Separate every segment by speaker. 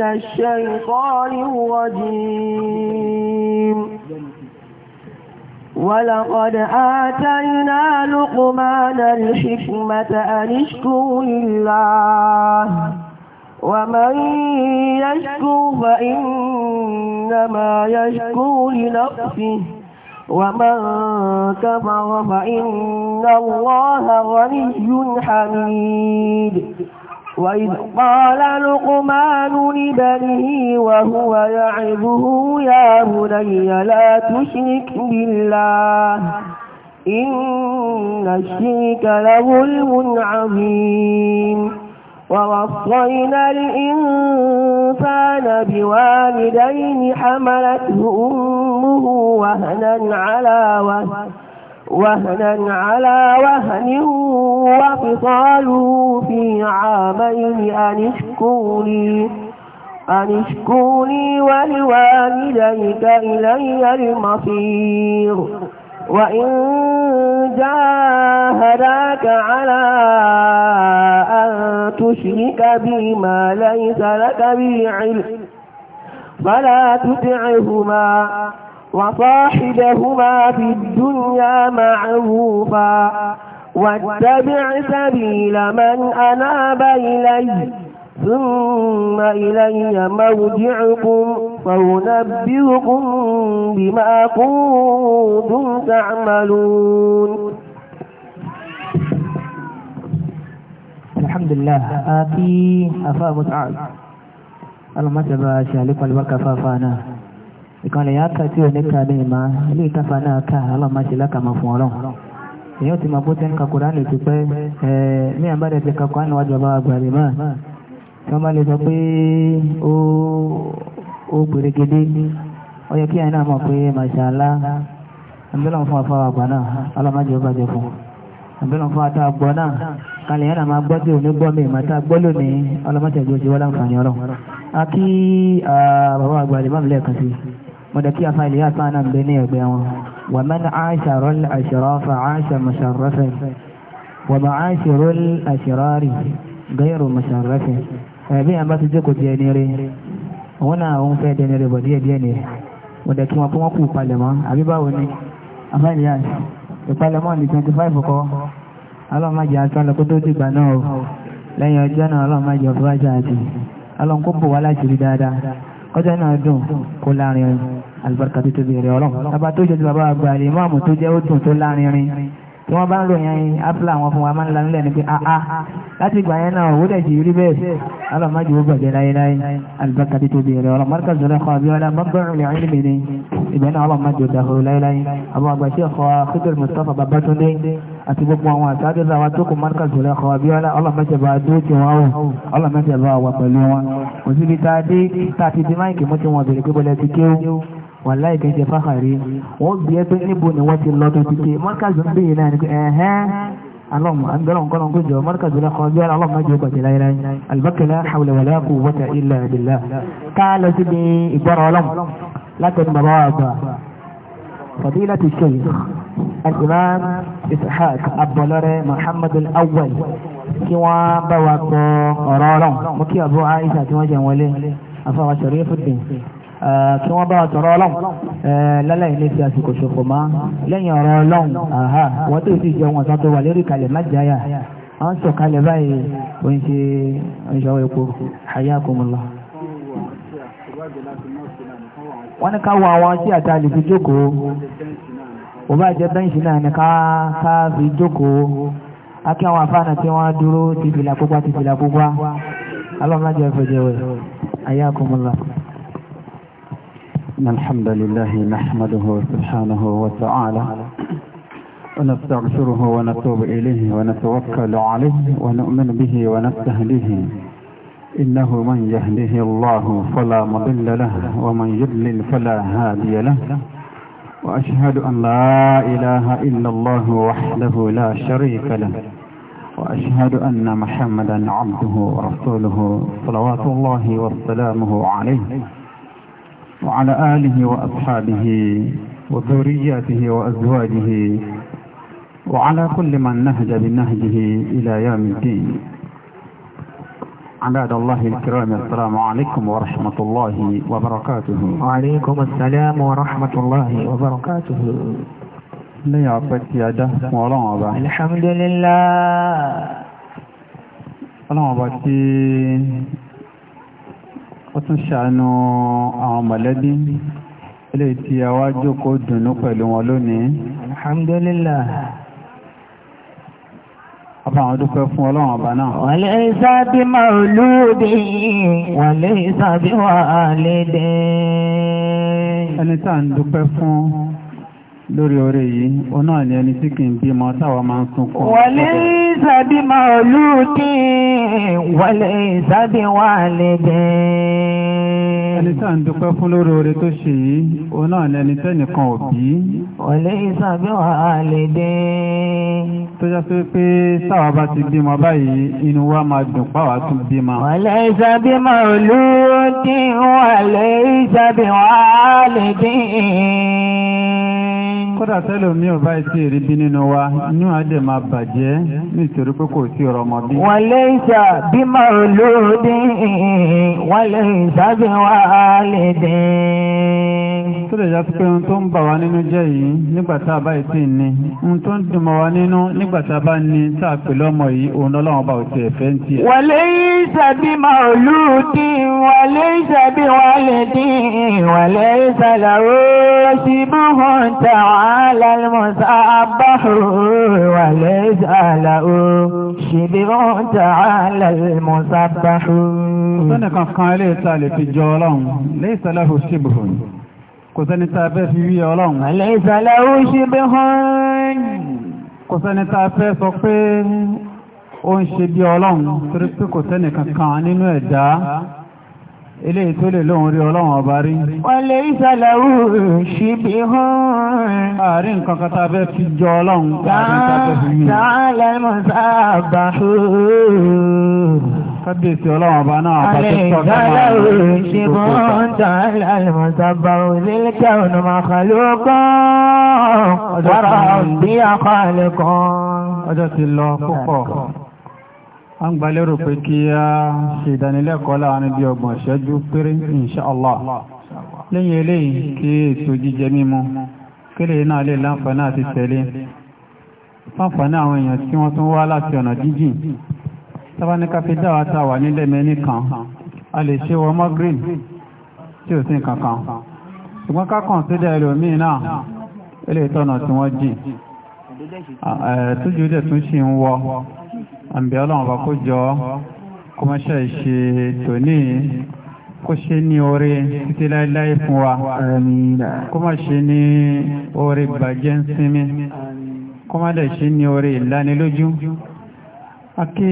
Speaker 1: من الشيطان الرجيم ولقد آتينا لقمان الحكمة أن اشكر لله ومن يشكر فإنما يشكر لنفسه ومن كفر فإن الله غني حميد وإذ قال لقمان لبنه وهو يعظه يا بني لا تشرك بالله إن الشرك لظلم عظيم ووصينا الإنسان بوالدين حملته أمه وهنا على وهن وهنا على وهن وفصاله في عامين أن اشكوني أن اشكوني ولوالديك إلي المصير وإن جاهداك على أن تشرك بي ما ليس لك به علم فلا تطعهما وصاحبهما في الدنيا معروفا واتبع سبيل من أناب إليه ثم إلي مرجعكم فأنبئكم بما كنتم تعملون
Speaker 2: الحمد لله آتي أفا متعال المسبة شهلك والبركة فافانا ìkànnì yà ká tí ò ní ká lẹ́yìn máa ilé ìtafà náà ká aláàmáṣe lákàmà fún ọlọ́run èyàn ti máa bó tẹ́ ń ka kùránì ti pẹ́ ẹ̀ ní àbádẹ́ ti ka kùránì wájú ọba àgbàrí máa tí wọ́n bá lè sọ pé ó gbèrègede ó yẹ kí àyìn náà mọ̀ pé màṣàlá àbẹ́lọ́n fún afọ́ àgbà náà aláàmáṣe ó bàjẹ́ fún àbẹ́lọ́n fún ata àgbọ̀ náà kalẹ̀ yẹn náà máa gbọ́ tí ò ní gbọ́ a kí bàbá àgbàrí máa lẹ́ẹ̀kan sí i mọ̀dẹ̀ kí afá ilé àtànà bẹ ní ẹgbẹ́ wọn wà mẹ́ni àṣàrọ̀ àṣàrọ̀fà àṣà mọ̀ṣàrọ̀fẹ́ wà bá àṣàrọ̀ àṣàrọ̀rì gẹ́rù mọ̀ṣàrọ̀fẹ́ ẹ̀bí yàn bá ti jókòó di ẹni rí òun náà òun fẹ́ dẹni rí bọ̀ díẹ̀ díẹ̀ ni mọ̀dẹ̀ kí wọn fún wọn kú palẹ̀mọ́ àbí báwo ni afá ilé àṣà ìpalẹ̀mọ́ ní twenty five kọ́ alọ́mọdé àtọ́lẹ̀ kó tó dìgbà náà lẹ́yìn ọjọ́ náà alọ́mọdé ọ̀bùrájà àti alọ́nkó bò wá láti rí dáadáa ọjọ́ náà dùn kó láàrin albarka tó tóbi rẹ̀ ọlọ́run bàbá tó jẹ́ bàbá àgbà lè máàmù tó jẹ́ ó dùn tó láàrin rin tí wọ́n bá ń ròyìn afla àwọn fún wa máa ń lanú lẹ́nu pé àá ah, ah, láti ìgbà yẹn náà owó dẹ̀ jì rí bẹ́ẹ̀ alọ́májú ó gbàgbé láyéláyé alùbákàtí tó bèèrè ọ̀rọ̀ mọ́ríkà zọlẹ̀ kọ́ abíọ́lá mọ́gbọ́n rẹ̀ ń lèmi ni ìbẹ̀ náà alọ́májú dàhùrù láyéláyé àwọn àgbà tí ọkọ̀ fídíò Mustapha Babatunde àti gbogbo àwọn àtàdé náà wá tó kù mọ́ríkà zọlẹ̀ kọ́ abíọ́lá ọlọ́mọdé bá dúró tí wọ́n ó ọlọ́mọdé bá wà pẹ̀lú wọn òsibítà wàláì kì í ṣe fáhàrí wọ́n bí ẹ pé níbo ni wọ́n ti lọ́dún títí mọ́kàzù ń bèèrè náà ni pé ẹ̀hẹ́n alọ́mù àgbẹ̀rọ̀ nǹkan ọ̀gbọ́n jọ mọ́kàzù lọ́kọ̀ ọjọ́ alọ́mù máa jẹ́ ọkọ̀ sí láyéláyé albakala hawla wala quwwata illa billah ká lọ sí ní ìgbọ́rọ̀ ọlọ́mù látọ̀dún bàbá wa gbà fadilatu shaykh al-imam ishaq abdulare muhammad al kí wọ́n bá wa kọ ọ̀rọ̀ ọlọ́mù mo kí àbúrò aisha tí wọ́n jẹ wọlé afọwọ́ sharifuddin Eh, kí wọ́n bá wa sọ̀rọ̀ ọlọ́run eh, lálẹ́ ilé a ṣòfò máa lẹ́yìn ọ̀rọ̀ ọlọ́run àhá wọ́n tó ti jẹun ọ̀sán tó wà lérí kalẹ̀ májáyà wọ́n sọ kalẹ̀ báyìí ṣe ìṣọwọ́ epo hayakumullah.
Speaker 3: wọ́n ní ká wọ àwọn àti jókòó
Speaker 4: إن الحمد لله نحمده سبحانه وتعالى ونستغفره ونتوب إليه ونتوكل عليه ونؤمن به ونستهديه إنه من يهده الله فلا مضل له ومن يضلل فلا هادي له وأشهد أن لا إله إلا الله وحده لا شريك له وأشهد أن محمدا عبده ورسوله صلوات الله وسلامه عليه وعلى آله وأصحابه وذرياته وأزواجه وعلى كل من نهج بنهجه إلى يوم الدين عباد الله الكرام السلام عليكم ورحمة الله وبركاته وعليكم السلام ورحمة الله وبركاته ní àpẹtì àdá fún ọlọ́run ọba. alhamdulillah ó tún ṣàánú àwọn mọ̀lẹ́bí ilé tí a wá jókòó dùnú pẹ̀lú wọn lónìí alhamdulillah ọba àwọn dúpẹ́ fún ọlọ́run ọba náà wa laysa bi mawludi wa laysa bi walidi ẹni tá ń dúpẹ́ fún lórí orí yìí o náà ni ẹni tí kì ń bímọ táwa máa ń sunkún. wọlé ìsàbí màálùkì wọlé ìsàbí wà lédè. ẹni tá à ń dúpẹ́ fún lórí orí tó ṣe yìí o náà ni ẹni tẹ́nìkan ò bí. wọlé ìsàbí wà lédè. tó yá sí pé táwa bá ti bímọ báyìí inú wa máa dùn páwa tún bímọ. wọlé ìsàbí màálùkì wọlé ìsàbí wà lédè kódà tẹ́lẹ̀ mi ò bá ti rí bí nínú wa inú àdè máa bàjẹ́ nítorí pé kò sí ọ̀rọ̀ ọmọdé. wọ́n lè ṣà bí màá lóde wọ́n lè ṣàbẹ̀wò àlè dẹ́n tó lè já pé ohun tó ń bà wá nínú jẹ́ yìí nígbà tá a bá yìí sì ní ohun tó ń dùn mọ́ wá nínú nígbà bá ní tá a pè lọ́mọ yìí òun lọ́lọ́wọ́n bá òtí ẹ̀fẹ́ ń tiẹ̀. wọlé ìṣàbí màálùdì
Speaker 1: wọlé ìṣàbí wàlẹ̀dì wọlé ìṣàlàró ṣìbùhùn tààlà mùsàbáhù wọlé ìṣàlàró
Speaker 2: ṣìbùhùn tààlà mùsàbáhù. sọ́nà kankan
Speaker 4: ilé ìta lè fi jọ ọlọ́run lè ìṣàlàró ṣìbùhùn kò sẹ́ni tá a fẹ́ fi wí ọlọ́run. àlẹ́ ìsàlẹ̀ ó ṣe bí hàn. kò sẹ́ni tá a fẹ́ sọ pé ó ń ṣe bí ọlọ́run torí pé kò sẹ́ni kankan nínú ẹ̀dá eléyìí tó lè lóun rí ọlọ́run ọba rí. wọlé ìsàlẹ̀ ó ṣe bí hàn. àárín nǹkan kan tá a fẹ́ fi jọ ọlọ́run. tààlà mọ̀
Speaker 2: sábà. Kádèsí ọlọ́wọ̀n bá náà àpàtẹ́ sọ́gbọ́n. Àlẹ́ ìgbàlá òṣì bọ́n tàn láìmọ̀sábà òlélẹ́kẹ́ ọ̀nà màkàlú kan. Wàrà bí àkọọ́lẹ̀ kan. Ọjọ́ ti lọ
Speaker 4: púpọ̀. A ń gbalérò pé kí a ṣe ìdánilẹ́kọ̀ọ́ láàárín bí ọgbọ̀n ṣẹ́jú péré, inṣáàlá. Lẹ́yìn eléyìí kí ètò jíjẹ mímu, náà lè sábàní káfí dáwà tá a wà nílẹ̀ mẹ́ni kan a lè ṣe wọ́n mọ́ green tí ò sí nǹkan kan ṣùgbọ́n ká kọ̀ǹsídà ẹlòmíì náà ilé ìtọ́nà tí wọ́n jì tójú dẹ̀ tún ṣì ń wọ àmì ọlọ́run bá kó jọ kó má ṣe ṣe tòní kó ṣe ní oore títí láéláé fún wa kó má ṣe ní oore bàjẹ́ ń sinmi kó má dẹ̀ ṣe ní oore ìlanilójú. Àkí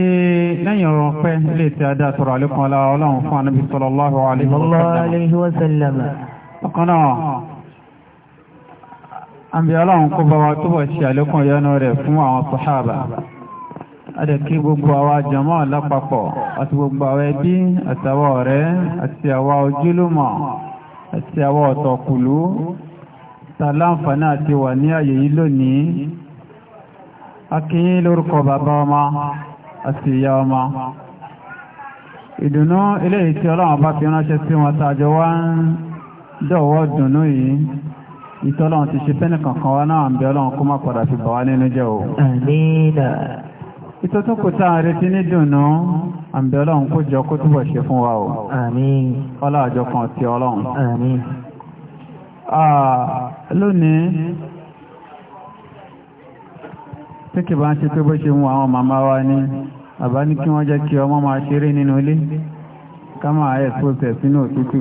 Speaker 4: lẹ́yìn ọ̀rọ̀ pẹ́ ilé tí a dá sọ̀rọ̀ àlékún ọlá ọlọ́run fún ànábì sallallahu alaihi wa sallam. Ọkàn náà, àmì ọlọ́run kó bá wa túbọ̀ ṣe àlékún ìyọ́nú rẹ̀ fún àwọn sàhábà. Adẹ̀kí gbogbo àti wà ní àyè lónìí. Akíyín lórúkọ bàbá ọmọ àti ìyá ọmọ ìdùnnú ilé ìtí ọlọ́run bá fi ránṣẹ́ sí wọn tàjọ wá ń dọ̀wọ́ dùnnú yìí ìtọ́lọ́run ti ṣe fẹ́nì kankan wá náà ń bẹ ọlọ́run kó má padà fi bà wá nínú jẹ́ o ìtọ́tún kò tá a retí ní dùnnú ń bẹ ọlọ́run kó jọ kó túbọ̀ ṣe fún wa o ọlá àjọ kan ti ọlọ́run lónìí tí kì bá ń ṣe pé bó ṣe mú àwọn màmá wa ní àbá ní kí wọ́n jẹ́ kí ọmọ máa ṣeré nínú ilé ká máa ẹ̀ pọ́sẹ̀ sínú òtútù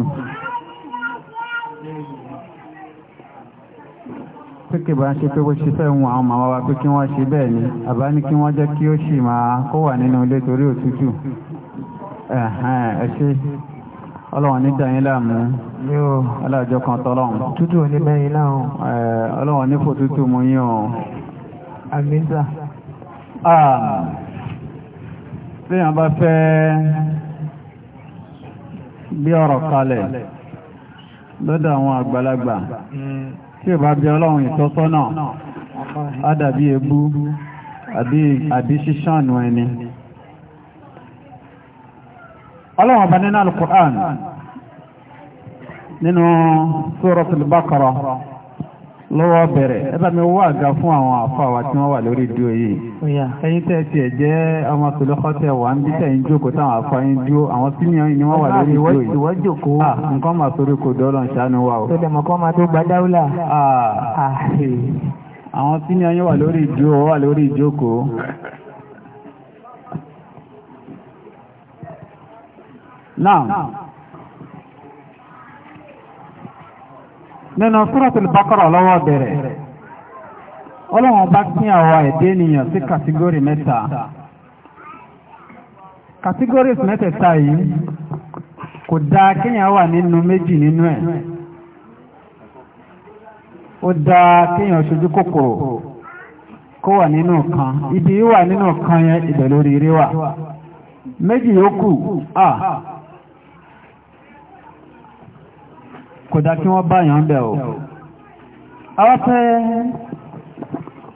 Speaker 4: pékè bá ń ṣe pé bó ṣe fẹ́ wọn àwọn màmá wa pé kí wọ́n ṣe bẹ́ẹ̀ ni àbá ní kí wọ́n jẹ́ kí ó ṣì máa kó wà nínú ilé torí òtútù ẹ̀ṣẹ́ ọlọ́wọ̀n ní dàyín láàmú yóò kan tọ́lọ́run tútù ní tí a bá fẹ́ bí ọ̀rọ̀ kalẹ̀ lọ́dọ̀ àwọn àgbàlagbà tí ò bá bí ọlọ́run ìtọ́sọ́nà
Speaker 3: ádàbí ebú
Speaker 4: àbí ṣíṣàánú ẹni ọlọ́run ọba nínú al nínú Suratul Baqarah lọ́wọ́ bẹ̀rẹ̀ ẹbá mi wà ga fún àwọn àfáwà tí wọ́n wà lórí dúó yìí ẹ̀yin tẹ́ ti ẹ̀ jẹ́ ọmọ pẹ̀lọ́kọ́ tẹ́ wà ń bí tẹ́yìn jókòó táwọn àfáyín dúó àwọn senior ni wọ́n wà lórí dúó yìí ìwọ́ jókòó wa o tó dẹ̀mọ̀ kọ́ máa tó gba dáúlà àwọn senior yín wà lórí nínú Suratul Baqara lọ́wọ́ bẹ̀rẹ̀ ọlọ́wọ́n bá kí àwọ ẹ̀dẹ́ ènìyàn sí kàtígórì mẹ́ta kàtígórì mẹ́tẹ̀ẹ̀ta yìí kò dá kíyàn wà nínú méjì nínú ẹ̀ ó dá kíyàn ṣojú kòkòrò kó wà nínú kan ibi wà nínú kan yẹn rí wà méjì kò dá kí wọ́n bá yàn bẹ̀ o àwọn tẹ́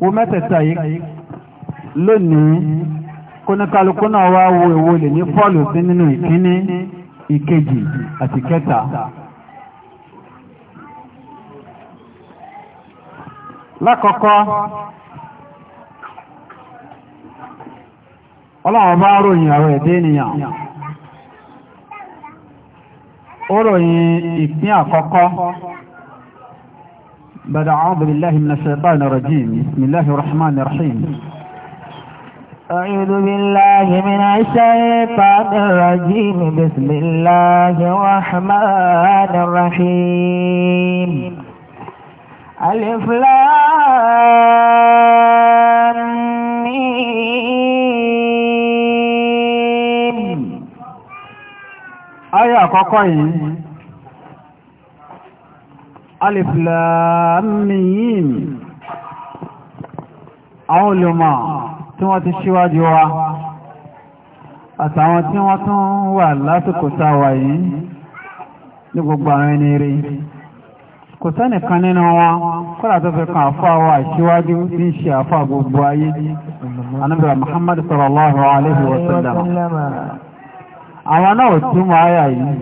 Speaker 4: wo mẹ́tẹ̀ẹ̀ta yìí lónìí kóníkálukú náà wá wo èwo lè ní pọ́ọ̀lù sí nínú ìkíní ìkejì àti kẹta lákọ̀ọ́kọ́ ọlọ́run bá ròyìn àwọn ẹ̀dẹ́ ènìyàn أرأي إثنين أقاقا بعد أعوذ بالله من الشيطان الرجيم بسم الله الرحمن الرحيم
Speaker 2: أعوذ بالله من الشيطان الرجيم بسم الله
Speaker 1: الرحمن الرحيم ألف لام àkọ́kọ́
Speaker 4: yìí alif lam mim àwọn olùmọ̀ tí wọ́n ti ṣíwájú wa àtàwọn tí wọ́n tún wà lásìkò sáwà yìí ní gbogbo àwọn ẹni rí kò sẹ́nìkan nínú wọn kọ́lá tó fi kan àfọ́ àwọn àṣíwájú tí ń ṣe àfọ́ gbogbo ayé anábìrà Muhammad sallallahu alaihi wasallam àwọn náà túmọ̀ àyà yìí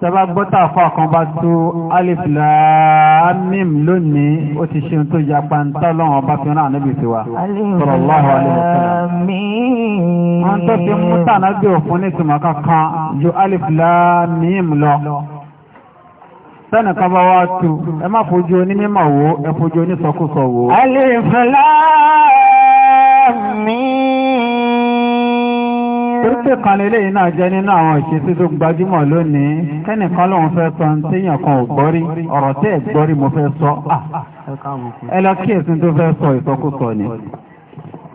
Speaker 4: tẹba gbọ́ta fún àkànbá tó alif lónìí ó ti ṣe tó yapa ń tọ́ lọ́wọ́ fi rán ànábì sí wa sallallahu lọ sẹ́nìkan bá wá tu ẹ má fojú onímọ̀ wo ẹ fojú onísọkúsọ wo. alif
Speaker 1: lam
Speaker 4: Oríṣi kan lélẹ́yìn náà jẹ́ nínú àwọn ìṣesí tó gbajúmọ̀ lónìí. Kẹ́nìkan lòun fẹ́ sọ téèyàn kan ò gbọ́rí. Ọ̀rọ̀ tẹ́ ẹ̀ gbọ́rí mo fẹ́ sọ.
Speaker 3: Ẹ lọ kíyèsí tó fẹ́ sọ ìsọkúsọ
Speaker 4: ni.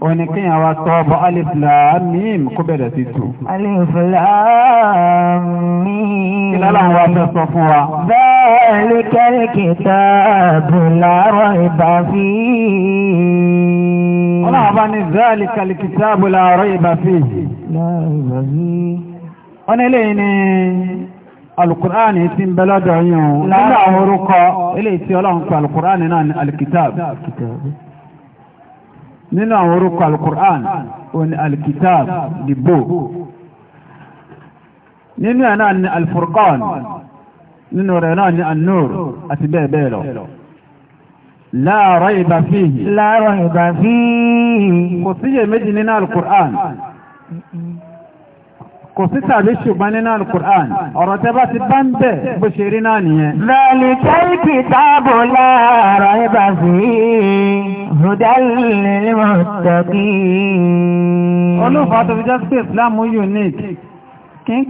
Speaker 4: Òní kíyàn wa sọ ọbọ̀ Alif Lam Mim kó bẹ̀rẹ̀ sí tù.
Speaker 1: Alif Lam Mim. Kí lọ́la wa fẹ́ sọ fún wa? Zalikal kitabu la raiba fihi ọlọ́run bá ní záàlì
Speaker 4: kàlìkìtà àbúlà ọ̀rọ̀ ìbà fèèjì wọ́n nílé ní alùkùránì tí ń bẹ lọ́dọ̀ yìí nígbà orúkọ ilé tí ọlọ́run pa alùkùránì náà ní alìkìtàb nínú àwọn orúkọ alùkùránì ó ní alìkìtàb dìbò nínú ẹ̀ náà ní alfurqan nínú rẹ̀ náà ní annur àti bẹ́ẹ̀ bẹ́ẹ̀ lọ La rayba fihi. La rayba fihi. Kò sí yè méjì nínú Al-Qur'an. Kò sí tàbí ṣùgbọ́n nínú Al-Qur'an. Ọ̀rọ̀ tẹ́ bá ti bá ń bẹ̀ bó ṣe rí náà nìyẹn. Zalikal kitabu la rayba fihi. Hudan lil fi jẹ́ sí Ìsìlámù unique. Kì ń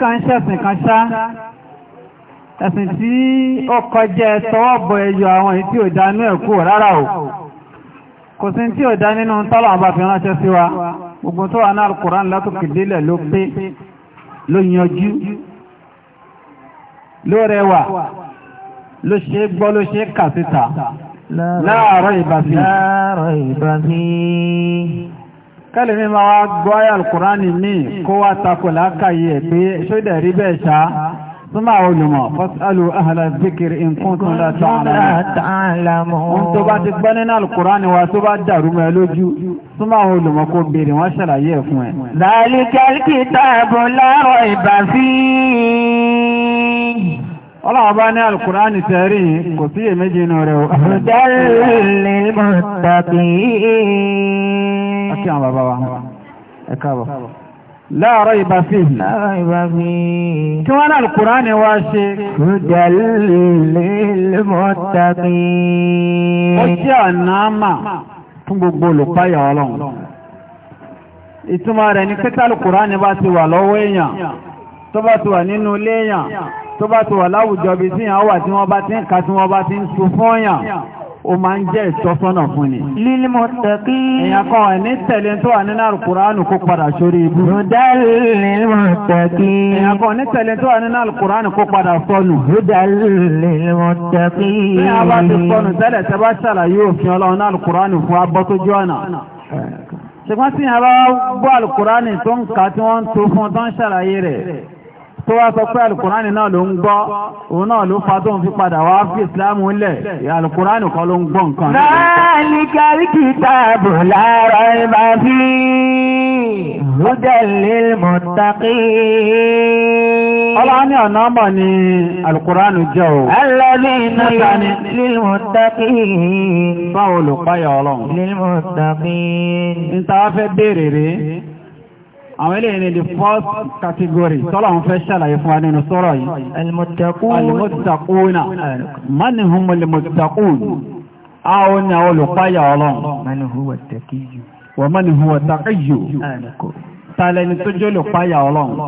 Speaker 4: ẹ̀sìn tí ó kọjẹ́ tọwọ́bọ̀ ẹyọ àwọn ìtí ò dánú ẹ̀kú rárá o kò sí tí ò dá nínú tọ́lọ̀ fi ránṣẹ́ sí wa gbogbo tó wà náà Kùránì látòkè délẹ̀ ló pé ló yanjú ló rẹwà ló ṣe gbọ́ ló ṣe kà síta láàárọ̀ ìbàfí kẹ́lẹ̀ máa wá gbọ́ àyà Kùránì míì kó wá takò lákàyè pé ṣó súnmọ́ àwọn olùmọ̀ fọ́sálù ahàlà zikiri nǹkan tó dá tààlàmù. wọ́n tó bá ti gbọ́ nínú alukùránì wa tó bá dàrú mẹ́ lójú súnmọ́ àwọn olùmọ̀ kó béèrè wọ́n ṣàlàyé ẹ̀ fún ẹ. zalikal kitabu la ní tẹ̀rí kò sí èméjì inú rẹ̀ o. dalil muttaqin. a kí bàbá wa ẹ káàbọ̀. لا ريب فيه لا ريب فيه كمان القرآن واشي هدى للمتقين وشي النعمة تنبقبولو قايا ولون ìtumọ̀ rẹ̀ ní kẹtàlù kùránì bá ti wà lọ́wọ́ èèyàn tó bá ti wà nínú ilé èèyàn tó bá ti wà láwùjọ bí síyàn wà tí wọ́n bá ti ń ka tí wọ́n bá ti ń sun fún èèyàn ó máa ń jẹ́ ìtọ́sọ́nà fún ni.
Speaker 2: lílímọ̀ tẹ̀kí. èèyàn kan ẹ̀
Speaker 4: ní tẹ̀lé tó wà nínú alukuraanu kó padà sórí ibu. hudalilmọ̀ tẹ̀kí. èèyàn kan ní tẹ̀lé tó wà nínú alukuraanu kó padà sọnù. hudalilmọ̀ tẹ̀kí. bí a bá ti sọnù tẹ́lẹ̀ tẹ́ bá ṣàlàyé òfin ọlọ́run náà alukuraanu fún abọ́tójú ọ̀nà ṣùgbọ́n tí a bá gbọ́ alukuraanu tó ń kà tí wọ́n ń tó fún tó ń ṣàlàyé rẹ̀ tó wá sọ pé alukùránì náà ló ń gbọ́ òun náà ló fa tó ń fi padà wá fi ìsìláàmù lẹ̀ alukùránì kan
Speaker 1: ló ń gbọ́ nǹkan. láàlì kárí kìtàbù lára ìbá fi húdẹ̀lì mọ̀tàkì. ọlá ní
Speaker 4: ọ̀nà ọmọ ni alukùránì jẹ́ o.
Speaker 1: alẹ́bí iná ni lílmọ̀tàkì.
Speaker 4: báwo ló páyà ọlọ́run. lílmọ̀tàkì. ń ta wá fẹ́ béèrè àwọn ilé ìní the first category tọ́lá wọn fẹ́ ṣàlàyé fún wa nínú sọ́rọ̀ yìí alìmọ̀tàkúnà mani hun alìmọ̀tàkún àwọn ni àwọn olùpáyà ọlọ́run wọ́n mani hun wọ̀tàkíyù tààlẹ̀ ni tó jẹ́ olùpáyà ọlọ́run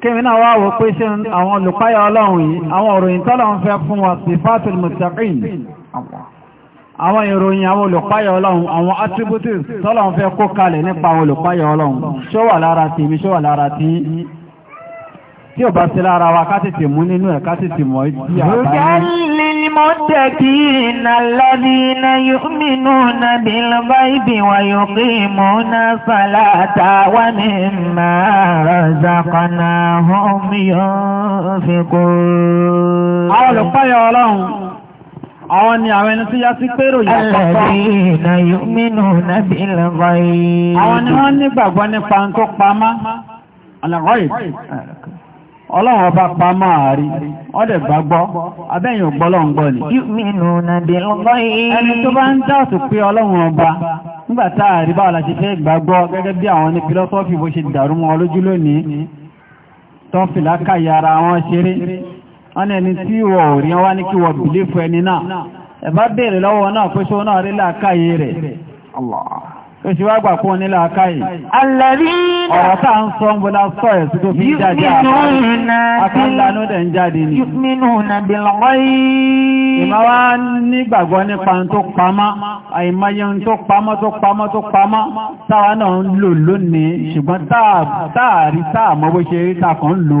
Speaker 4: kíni náà wá wò pé ṣe àwọn olùpáyà ọlọ́run yìí àwọn òròyìn tọ́lá wọn fẹ́ fún wa sifatul muttaqin àwọn ìròyìn àwọn olùpáyà ọlọ́run àwọn attributes tọ́lọ̀n fẹ́ kó kalẹ̀ nípa àwọn olùpáyà ọlọ́run ṣó lára ti mi ṣó lára ti tí ò bá sí lára wa ká mú nínú ẹ̀ ká mọ̀ tí
Speaker 2: Àwọn
Speaker 4: Àwọn ni àwọn ẹni tó yá sí pérò yà pápá. Àwọn ni nígbàgbọ́ nípa pamá. Ọlọ́run ọba àárí, dẹ̀ gbàgbọ́, abẹ́yìn gbọ́ ni.
Speaker 2: Yu'minuna bil ghaib. Ẹni tó bá ń dáàtò pé ọlọ́run ọba
Speaker 4: a rí ṣe fẹ́ gbàgbọ́ gẹ́gẹ́ bí àwọn ní fílọ́sọ́fì bó ṣe dàrú wọ́n ẹni tí wọ̀ rí wọ́n ní kí wọ̀ bìlé fún ẹni náà ẹ̀bá bèèrè lọ́wọ́ náà pé ṣó náà rí làákàyè rẹ̀ ó ṣe wá gbà kún ní làákàyè ọ̀rọ̀ tá à ń sọ ń bọ́lá sọ ẹ̀ sí tó fi jáde àkàndánú dẹ̀ ń jáde ni ìmá wá nígbàgbọ́ nípa tó pamọ́ àìmáyé tó pamọ́ tó pamọ́ tó pamọ́ táwa náà ń lò lónìí ṣùgbọ́n táà rí táà mọ́ bó ṣe rí táà kan ń lò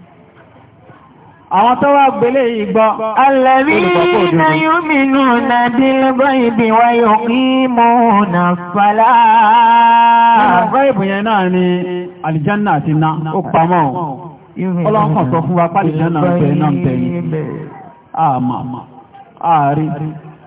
Speaker 1: àwọn tó wá gbélé ìgbọ́. Alladhina yu'minuna bil ghaibi wa yuqimuna
Speaker 4: as-salah. Ghaibu yẹn náà ni àlìjánà àti iná ó pamọ́. Ọlọ́nkàn fún wa pálìjánà ń tẹ̀ náà ń tẹ̀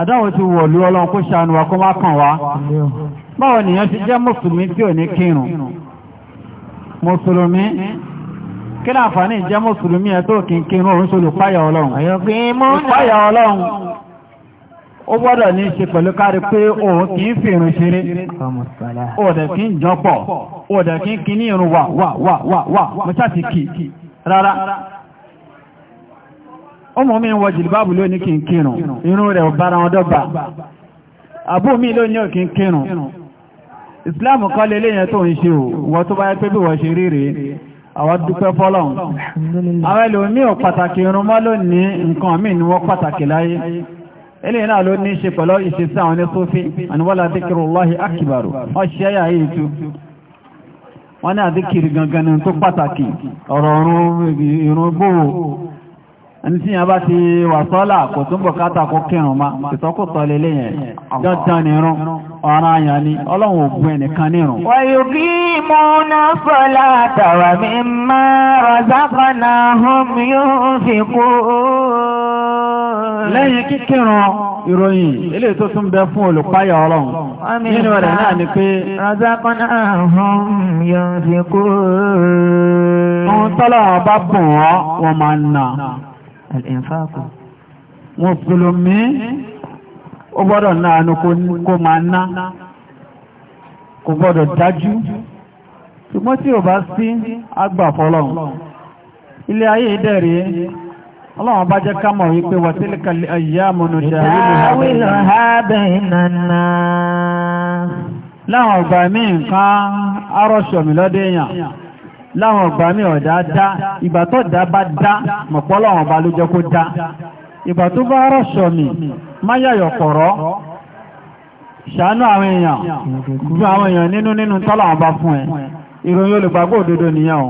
Speaker 4: àdáwò ti wọ̀ lú ọlọ́run kó ṣàánú wa kó má kàn wá báwo nìyàn ti jẹ́ mùsùlùmí tí ò ní kírun mùsùlùmí kí ní àǹfààní jẹ́ mùsùlùmí ẹ̀ tó kí kírun òun ṣe olùpáyà ọlọ́run ìpáyà ọlọ́run ṣe pẹ̀lú kárí o òun fi irun ọmọ mi ń wọ jìlìbáàbù lónìí kí n irun rẹ̀ bára wọn dọ́gba àbú mi lónìí ò kí islam kọ́ tó ń ṣe o wọ́n tó bá pé bí wọ́n ṣe rí àwọn dúpẹ́
Speaker 2: àwọn
Speaker 4: pàtàkì irun mọ́ lónìí ni wọ́n pàtàkì láyé náà ló ní ṣe ìṣesí àwọn àníwọ́lá wọ́n ṣe ẹ̀yà yìí tú wọ́n ní gangan tó pàtàkì ẹni tí yàn ti wà sọ́là kò tún bọ̀ káta kó ma ìsọkùtọ̀ lélẹ̀ yẹn dandan nìrun ọ̀ràn àyàn ni ọlọ́run ò ẹnìkan nìrun.
Speaker 1: ìròyìn ilé tó
Speaker 4: tún bẹ fún olùpáyà ọlọ́run nínú náà ni pé
Speaker 2: fi ohun bá bùn ọ́ wọ́n máa àlẹ́fààkù mùsùlùmí ó
Speaker 4: na náà ní kó máa ná kò gbọ́dọ̀ ṣùgbọ́n tí ò bá sí àgbà fọ́lọ́run ilé ayé ìdẹ̀rẹ̀ ọlọ́run bá jẹ́ ká mọ̀ wípé wà tí ayé ààbẹ̀ ìnànà láwọn ọgbà mí nǹkan láwọn ọgbà mi ọ̀dá dá ìgbà tó dá bá dá mọ̀pọ̀ láwọn ọba ló jẹ́ kó dá ìgbà tó bá rọ̀ṣọ̀ mi máyàyọ̀ kọ̀rọ̀
Speaker 3: ṣàánú àwọn èèyàn ju àwọn èèyàn nínú nínú tọ́lọ̀ ọba fún ẹ
Speaker 4: ìròyìn olùgbàgbọ́ òdodo nìyẹn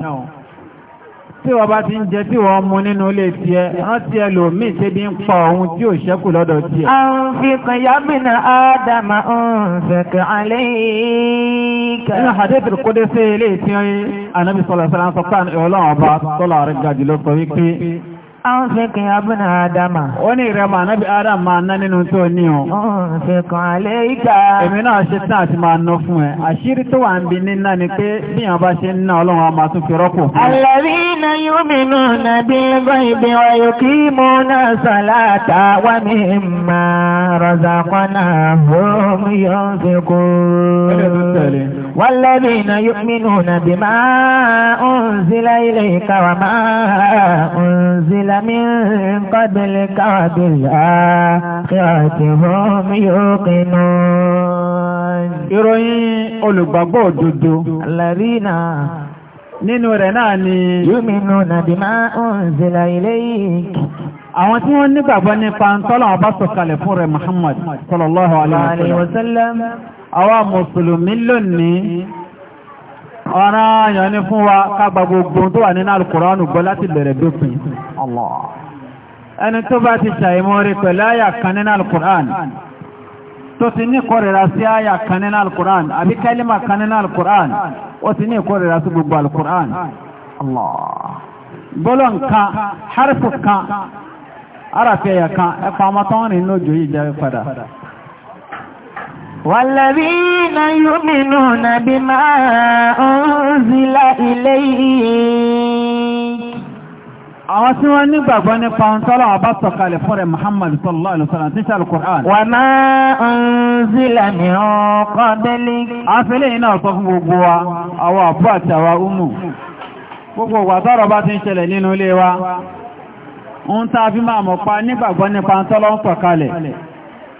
Speaker 4: tí wọ́n bá ti ń jẹ tí wọ́n mu nínú ilé tiẹ̀ rántí ẹlòmíì tẹ́bí ń pa ohun tí ò ṣẹ́kù lọ́dọ̀ tiẹ̀.
Speaker 1: àwọn fìkan yábìnà ádámà ń alẹ́ ìkẹ́. nínú hadith kúdé
Speaker 4: sí ilé tí anabi sọlọ sọlá ń sọ pé ọlọ́run ọba tọ́lá rẹ̀ gajù ló sọ wípé An fi kí abúnà Adama. Ó ní ìrẹ máa nábi Adam máa ná nínú tó ní ọ. Ó fi kàn alẹ́ ìgbà. Èmi náà ṣe tán àti máa ná fún ẹ. Àṣírí tó wà ń bi níná ni pé bí ìyàn bá ṣe ń ná ọlọ́run a máa fi rọ́pò fún.
Speaker 1: Alladhina yu'minuna bil ghaibi wa yuqimuna salata wa mimma razaqnahum yunfiqun. Walladhina yu'minuna bima unzila ilayka wa ma unzila
Speaker 2: من قبلك وبالآخرة هم يوقنون ìròyìn olùgbàgbọ́ òdodo الذين nínú rẹ̀ náà ni يؤمنون بما أنزل إليك
Speaker 4: àwọn tí wọ́n nígbàgbọ́ nípa ń tọ́lọ̀ ọba sọ̀kalẹ̀ fún rẹ̀ Muhammad sallallahu alaihi wasallam àwọn mùsùlùmí lónìí ọ̀rọ̀ àyàn ní fún wa kágbà gbogbo tó wà nínú alukùránù gbọ́ láti bẹ̀rẹ̀ dópin ẹni tó bá ti ṣàìmọ́ rí pẹ̀lú àyà kan nínú alukùránù tó ti ní kọrìra sí àyà kan nínú alukùránù àbí kálímà kan nínú alukùránù ó ti ní kọrìra sí gbogbo alukùránù
Speaker 1: والذين يؤمنون بما أنزل إليك àwọn tí wọ́n
Speaker 4: nígbàgbọ́ nípa ohun tọ́lọ́ ọba sọ̀kalẹ̀ fọ́rẹ̀ Muhammad sallallahu alaihi wasallam tí sàrù Qur'an. wà máa ń zílẹ̀ ní ọkọ̀ délé. a fi lè iná ọ̀sọ́ fún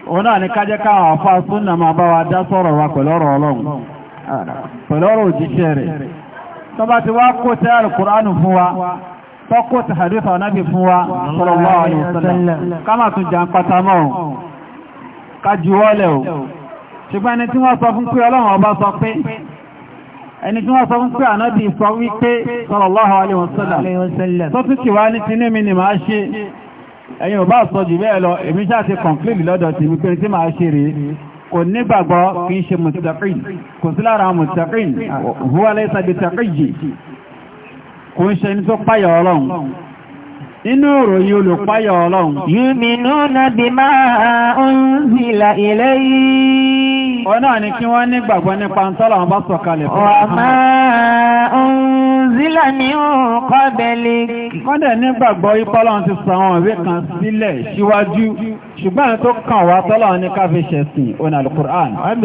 Speaker 4: òun náà ní kájẹ́ káwọn àfá súnà máa bá wa dá sọ̀rọ̀ wa pẹ̀lú ọ̀rọ̀ ọlọ́run pẹ̀lú ọ̀rọ̀ òjíṣẹ́ rẹ̀ tó bá ti wá kó tẹ́ alùkùránù fún wa tó kó tẹ́ hadith ọ̀nábì fún wa sallallahu alaihi wasallam ká má tún jà ni màá ṣe ẹ̀yin ò bá sọ jù bẹ́ẹ̀ lọ èmi ṣáà ti kọ̀ǹklìlì lọ́dọ̀ tí mi pé tí màá ṣe rèé kò nígbàgbọ́ kì í ṣe mùtàkìn kò sí lára mùtàkìn huwa laysa bitaqiyyi kò ń ṣe ní tó páyà ọlọ́run inú ìròyìn olùpáyà ọlọ́run. yu'minuna bima unzila ilayhi. ọ̀nà ni kí wọ́n nígbàgbọ́ nípa ń tọ́lọ̀ wọn bá sọ̀kalẹ̀ fún ònzílà ní ọkọ̀ bẹ̀lẹ̀. Wọ́n dẹ̀ nígbàgbọ́ ipọ́lọ́n ti sọ àwọn ìwé kan sílẹ̀ síwájú, ṣùgbọ́n tó kàn wá tọ́lọ̀ ní káfí ṣẹ̀sìn òun Al-Qur'an. Ọlọ́run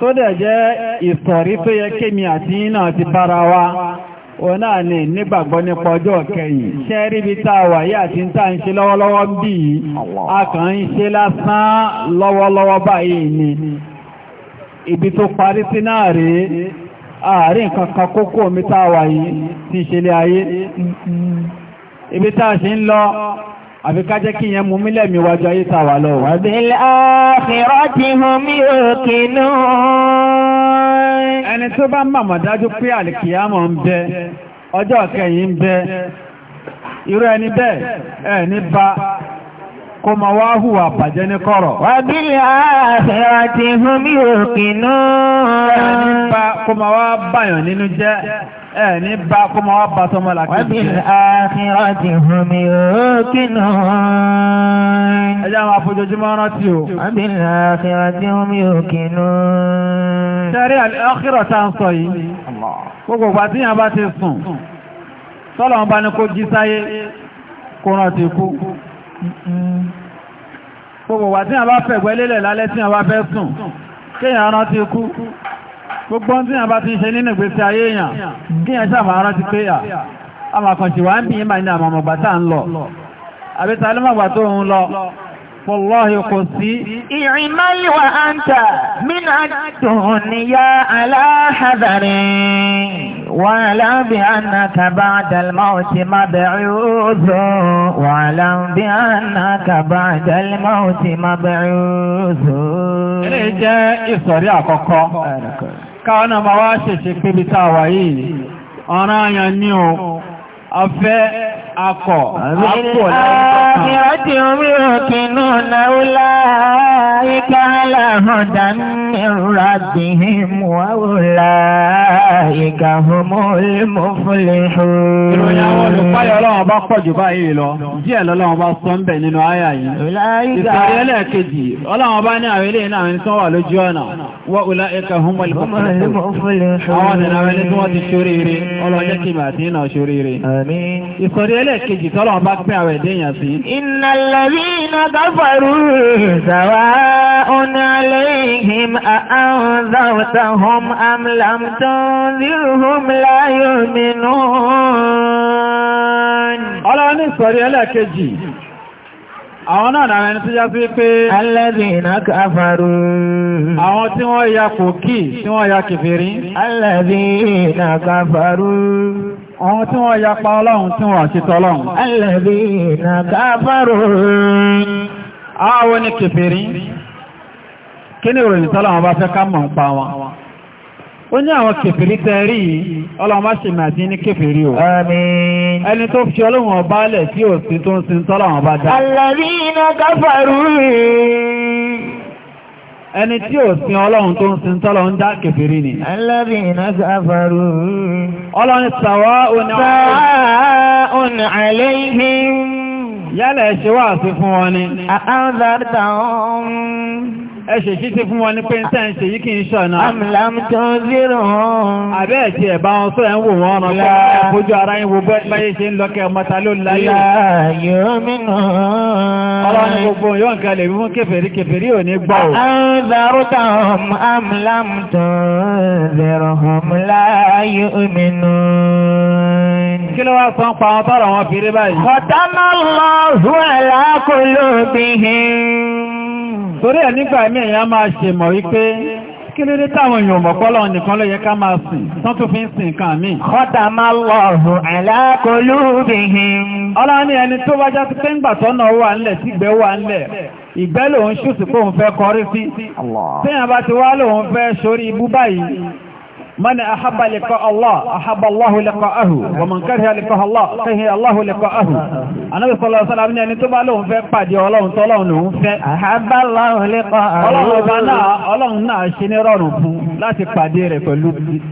Speaker 4: tó dẹ̀ jẹ́ ìsọ̀rí tó yẹ kémi àti náà ti bára wa òun náà ni nígbàgbọ́ nípa ọjọ́ kẹyìn ṣe rí bí tá a wà yí àti ń tá ń ṣe lọ́wọ́lọ́wọ́ ń bí yìí a ń ṣe lásán lọ́wọ́lọ́wọ́ báyìí ni ibi tó parí sí náà rèé àárín kankan kókó omi tá yìí ti ṣe lé ayé ibi tá ṣe ń lọ àfi ká jẹ́ kí yẹn mú mílẹ̀ mi wájú ayé tà wà lọ. wa bil akhirati hum yuqinun. ẹni tó bá màmá dájú pé àlìkìyàmọ̀ ń bẹ ọjọ́ kẹyìn ń bẹ irú ẹni bẹ́ẹ̀ ẹ̀ bá kó ma wá hùwà bàjẹ́ ní kọ̀rọ̀. wa bil akhirati hum yuqinun. ẹni bá kó ma wá bàyàn nínú jẹ́ ẹ ní bá kó máa wá bá sọmọ làkè. wọ́n bí àfihàn ti hùn mí òkè náà. ẹ jẹ́ àwọn afojoojúmọ́ rántí o. wọ́n bí àfihàn ti hùn mí òkè náà. sẹ́rí àkírọ̀ tá à ń sọ yìí gbogbo ìgbà tí yàn bá ti sùn tọ́lọ̀ ń bá ní kó jí sáyé kó rántí kú. gbogbo ìgbà tí yàn bá fẹ̀gbẹ́ lélẹ̀ lálẹ́ tí yàn bá fẹ́ sùn kéèyàn rántí kú gbogbo tí a bá ti ṣe nínú ìgbésí ayé èèyàn kí ẹ sáàmà ara ti pé à àmàkànṣì wà ń bí yí máa ní àmà ọmọgbà tá ń lọ àbíta alẹ́mọ̀gbà tó ń lọ Wallahi kò sí.
Speaker 2: Ilé jẹ́
Speaker 4: ìsọ̀rí àkọ́kọ́
Speaker 2: káwọn àmà wá ṣẹ̀ṣẹ̀ pébi táwà yìí
Speaker 4: ọ̀rán àyàn ní o afẹ́ akọ̀ akọ̀ láti ọjọ́ orí òkè náà náà ó láàáyé káàlà hàn dání
Speaker 1: ìrora bí i mú àwòrán ìgbà homo ilmọ̀
Speaker 2: fúnlẹ̀ ṣùgbọ́n. ìròyìn àwọn olùpáyọ̀ ọlọ́run bá
Speaker 4: pọ̀ jù ẹlẹ́ẹ̀kejì tọ́lọ̀ bá pín àwẹ̀ déyàn sí.
Speaker 1: innal ladhina kafaru sawa'un alayhim a anzartahum am lam tunzirhum la yu'minun. ọlọ́run ní ìsọ̀rí ẹlẹ́ẹ̀kejì
Speaker 4: àwọn náà náà ẹni tó sí pé alladhina kafaru àwọn tí wọ́n ya kòkí tí wọ́n ya kèfèrí alladhina kafaru Àwọn tí wọ́n yapa ọlọ́run tí wọ́n àṣítọ́ ọlọ́run. Ẹlẹ́bí na káfàrò. Àwọn ni kèfèrí. Kí ni ìròyìn tọ́lá wọn bá fẹ́ ká mọ̀ ń pa wọn? Ó ní àwọn kèfèrí tẹ́rí ọlọ́run máa ṣe màdí ní kèfèrí o. Àmín. Ẹni tó fi ọlọ́run ọba lẹ̀ tí ò sí tó ń sin tọ́lá wọn bá dá. Ẹlẹ́bí
Speaker 1: na káfàrò
Speaker 4: ẹni tí ò sin ọlọ́run tó ń sin tọ́lọ ń dá kèfèrí ni. ẹlẹ́bí iná káfàrú. ọlọ́run sàwọ́ òní àlẹ́. sàwọ́ òní àlẹ́ ihe. yálẹ̀ ṣe wá sí fún wọn ni. àánú ọ̀hún ẹ̀ṣẹ̀ sí ti fún wọn ní pé ń tẹ́ ń ṣe yí kí ń ṣọ̀nà. àmìlàmì tó ń zírò hàn. àbẹ́ ẹ̀tì ẹ̀bá wọn sọ ẹ̀ ń wò wọn ọ̀nà pé
Speaker 1: kí ló wá sọ pa àwọn tọ́rọ wọn fi rí báyìí. ọ̀tá náà lọ
Speaker 4: torí ẹ̀ nígbà mí èèyàn máa ṣe mọ̀ wípé kí ló dé táwọn èèyàn mọ̀ pọ́lọ̀ nìkan ló yẹ ká máa sìn tán tó fi ń sìn kan mí. khatama Allahu ala qulubihim. ọlọ́run ní ẹni tó wájá ti pé ń tọ́nà wà ńlẹ̀ tígbẹ́ wà ńlẹ̀ ìgbẹ́ lòun ṣùsì òun fẹ́ kọrí sí. من أحب لقاء الله أحب الله لقاءه ومن كره لقاء الله كره الله لقاءه النبي صلى الله عليه وسلم ní tó bá lóun fẹ́ pàdé Ọlọ́run tọ́lọ́run lòun fẹ́ أحب الله لقاءه Ọlọ́run bá náà Ọlọ́run náà ṣe ní rọrùn fún láti pàdé rẹ̀ pẹ̀lú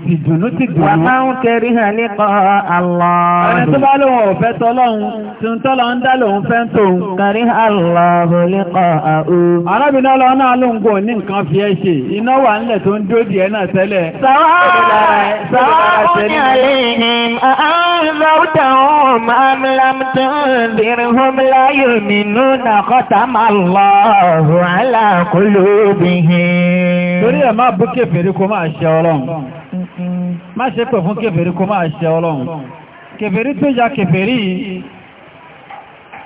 Speaker 4: tìdùnú tìdùnú ومن كره لقاء الله ẹni tó bá lóun ò fẹ́ tọ́lọ́run tí ń tọ́lọ́run dá lòun fẹ́ tóun كره الله لقاءه arábìnrin Ọlọ́run náà lóun kò ní nǹkan fi ẹ́ ṣe iná wà ńlẹ̀ tó ń dó díẹ̀ náà tẹ́lẹ̀ sáwá سواء عليهم
Speaker 1: أأنذرتهم أم لم تنذرهم لا يؤمنون ختم الله على قلوبهم
Speaker 4: torí ẹ̀ máa bú kèfèrí kó máa ṣe ọlọ́run má ṣe pẹ̀ fún kèfèrí kó máa ṣe ọlọ́run kèfèrí tó ya kèfèrí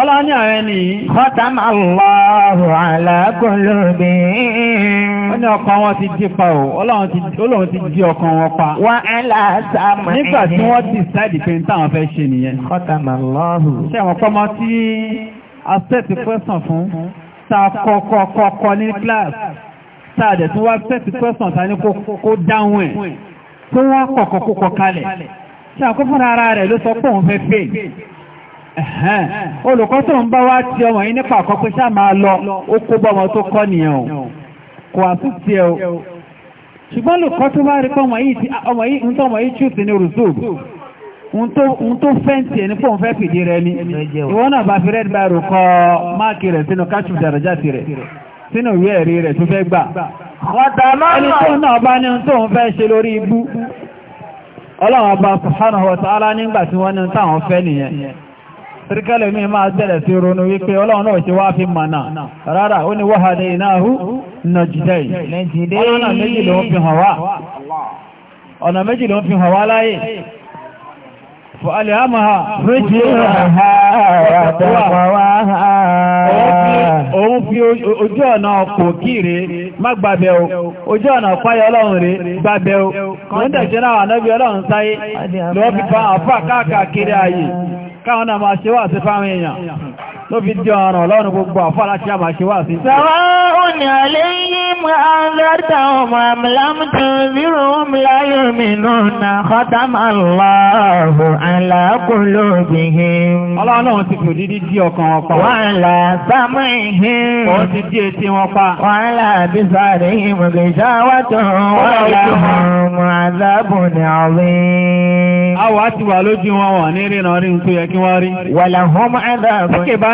Speaker 4: Ọlá ní ààrẹ ni Fọ́tàmà Allahu ala qulubihim. Ó ní ọkàn wọn ti jí pa ò, Ọlọ́run ti jí ọkàn wọn pa. Wa
Speaker 1: ala sam'ihim. Nígbà tí wọ́n ti
Speaker 4: sáàdì pé táwọn fẹ́ ṣe nìyẹn. Fọ́tàmà Allahu. Ṣé wọn kọ́ mọ́ tí asẹ́tì pẹ́sàn fún? Ta kọ́kọ́kọ́ ní kíláàsì. Sáàdẹ̀ tí wọ́n fẹ́tì pẹ́sàn ta ní kó dáhùn ẹ̀. Tí wọ́n kọ̀kọ̀kọ̀ kalẹ̀. Ṣé àkófúnra ara rẹ̀ ló sọ pé òun fẹ́ fèèyàn? olùkọ́ tó ń bá wá tí ọmọ yìí nípa àkọ́kọ́ ṣá máa lọ ó kó bọ́mọ tó kọ́ nìyẹn o kò tí ẹ o ṣùgbọ́n olùkọ́ tó bá rí pé ọmọ yìí ọmọ ọmọ yìí ní rùsù ń tó fẹ́ǹtì ẹni rẹ ni ìwọ náà bá fi rẹ́ẹ̀dì bá kọ máàkì rẹ̀ sínú káṣù dàrájà sínú ìwé ẹ̀rí rẹ̀ tó fẹ́ gbà sirikẹ́lẹ̀ mi máa tẹ́lẹ̀ sí ronú wípé ọlọ́run náà ṣe wá fi mọ̀nà rárá ó ní wáhàdé ináhú nàjídẹ́ ọ̀nà méjì ló ń fi hàn wá láyé فألهمها n وتقواها òun fi ojú ọ̀nà kò kíre má gbàbẹ̀ o ojú ọ̀nà fáyọ ọlọ́run rẹ̀ gbàbẹ̀ o kọ́ńdà ìṣẹ́nà ànábí ọlọ́run
Speaker 2: sáyé lọ́ọ́ àfà
Speaker 4: káàkiri ààyè káwọn náà máa ṣe wà sí fáwọn èèyàn ló fi jẹ́ ọ̀rọ̀ ọlọ́run gbogbo àfọ́lá tí a máa ṣe wà
Speaker 1: sí. sọ́wọ́ ò ní alẹ́ yìí mú àádọ́ta ọmọ àmìlámùtò zero míláyò mìíràn náà kọ́tàmà lọ́ọ̀rù aláàkólóbìhìn.
Speaker 2: ọlọ́run ti kò dídí dí ọkàn wọn wọ́n là sámú ìhìn.
Speaker 1: ó
Speaker 4: ti dí etí wọn pa. wọ́n là bí sáré ìmọ̀gẹ̀ṣà wà tó wọ́n là ọmọ àdábò ní ọ̀rìn. àwọn àti wà lójú wọn wọ̀ ní ìrìnà orí ń yẹ kí wọ́n rí. wàlà hóm àdábò.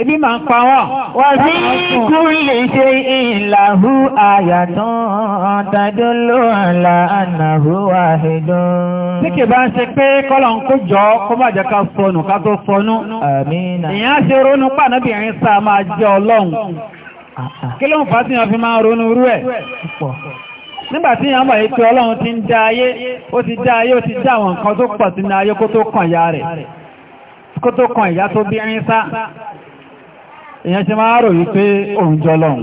Speaker 4: Ebi máa ń pa wọ́n. Wà
Speaker 3: sí
Speaker 1: kúlè ṣe ìlàhú àyàtán tàdó ló àlà ànàrú àhìdán. Tí kì bá ń ṣe pé kọ́lọ̀ ń kó jọ kó
Speaker 4: má jẹ́ ká sọnù ká tó sọnú. Àmínà. Ìyá ṣe ronú pànábìnrin sá máa jẹ́ ọlọ́run. Ah, ah. Kí ló ń fà á fi máa ronú rú ẹ̀? nígbàtí yàn mọ̀ ètò ọlọ́run ti ń dá ayé ó ti dá ayé ó ti dá àwọn nǹkan tó pọ̀ sínú ayé kó tó kàn ìyá rẹ̀ kó tó kàn ìyá tó bí ẹrin sá ìyẹn ti máa rò wípé òun jọlọ́run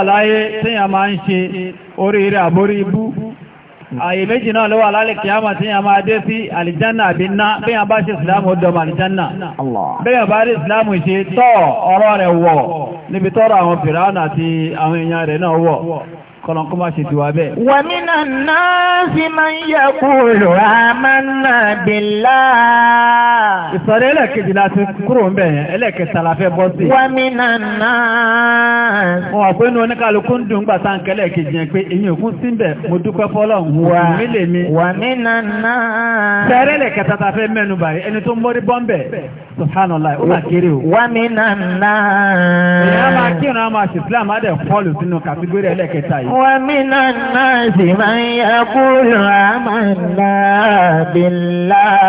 Speaker 4: wà láyé tíyàn máa ń ṣe oríire àbórí ibú ààyè méjì náà ló wà lálẹ́ kìyàmà tí a máa dé sí àlìjánà àbí ná bí a bá ṣe ìsìlámù ọdọ̀mà àlìjánà bí a bá rí ìsìlámù ṣe tọ́ ọ̀rọ̀ rẹ̀ wọ̀ níbi tọ́rọ àwọn fìránà àti àwọn èèyàn rẹ̀ náà wọ̀ kọ́nà kó má ṣe ti wà bẹ́ẹ̀. wa
Speaker 1: minan nasi man yaqulu amanna
Speaker 4: billah. ìsọ̀rọ̀ ẹlẹ́kejì láti kúrò ń bẹ̀yẹn ẹlẹ́kẹta la fẹ́ bọ́ sí. wa minan nasi. wọn àpé inú oníkàlùkù ń dùn gbàtà nkẹlẹ̀ kejì yẹn pé èyí òkú sí bẹ̀ mo dúpẹ́ fọ́lọ́run mi lè mi. wa minan nasi. sẹ́rẹ́ ẹlẹ́kẹta ta fẹ́ mẹ́nu ومن الناس من يقول آمنا بالله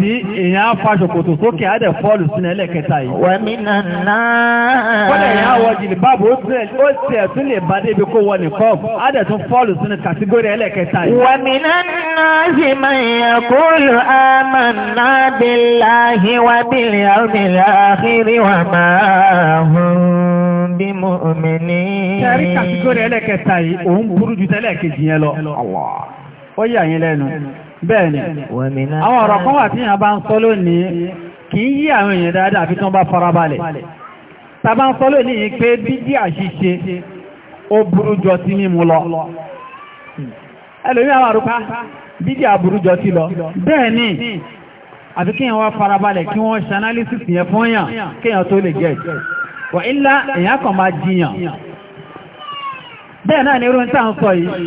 Speaker 4: sí èyàn afáṣokòtò sókè àádẹ̀ fọ́ọ̀lù sínú ẹlẹ́kẹta yìí. wẹ́mínà náà. kọ́lẹ̀ èyàn wọ jìlìbáàbù ó ti ẹ̀ tún lè bá
Speaker 1: débi kó wọ nìkan àádẹ̀
Speaker 4: tún fọ́ọ̀lù sínú kàtígórì ẹlẹ́kẹta yìí. wẹ́mínà
Speaker 1: náà sì máa ń yẹ kó lù ámà náà bí láàhí wá bí mùmíní. Kẹ́rí
Speaker 4: kàtíkórì ẹlẹ́kẹta yìí, òun burú ju tẹ́lẹ̀kejì yẹn lọ. Ó yà yín lẹ́nu. Bẹ́ẹ̀ni, àwọn ọ̀rọ̀ kan wà tí yàn bá ń sọ lónìí, kì í yí àwọn èèyàn dáadáa fi tán bá farabalẹ̀. Tàbá ń sọ lónìí pé bídí àṣìṣe ó burú jọ tí mímu lọ. Ẹlòmí àwọn àrùká, ah, bídí àburú jọ tí lọ. Bẹ́ẹ̀ni, àfi kíyàn wá farabalẹ̀ kí wọ́n ṣanálísìsì yẹn fún yàn kíyàn tó lè gẹ̀ẹ́jẹ̀ wà ilá èyàn kan máa jiyàn bẹ́ẹ̀ náà ni irú ń tàà ń yìí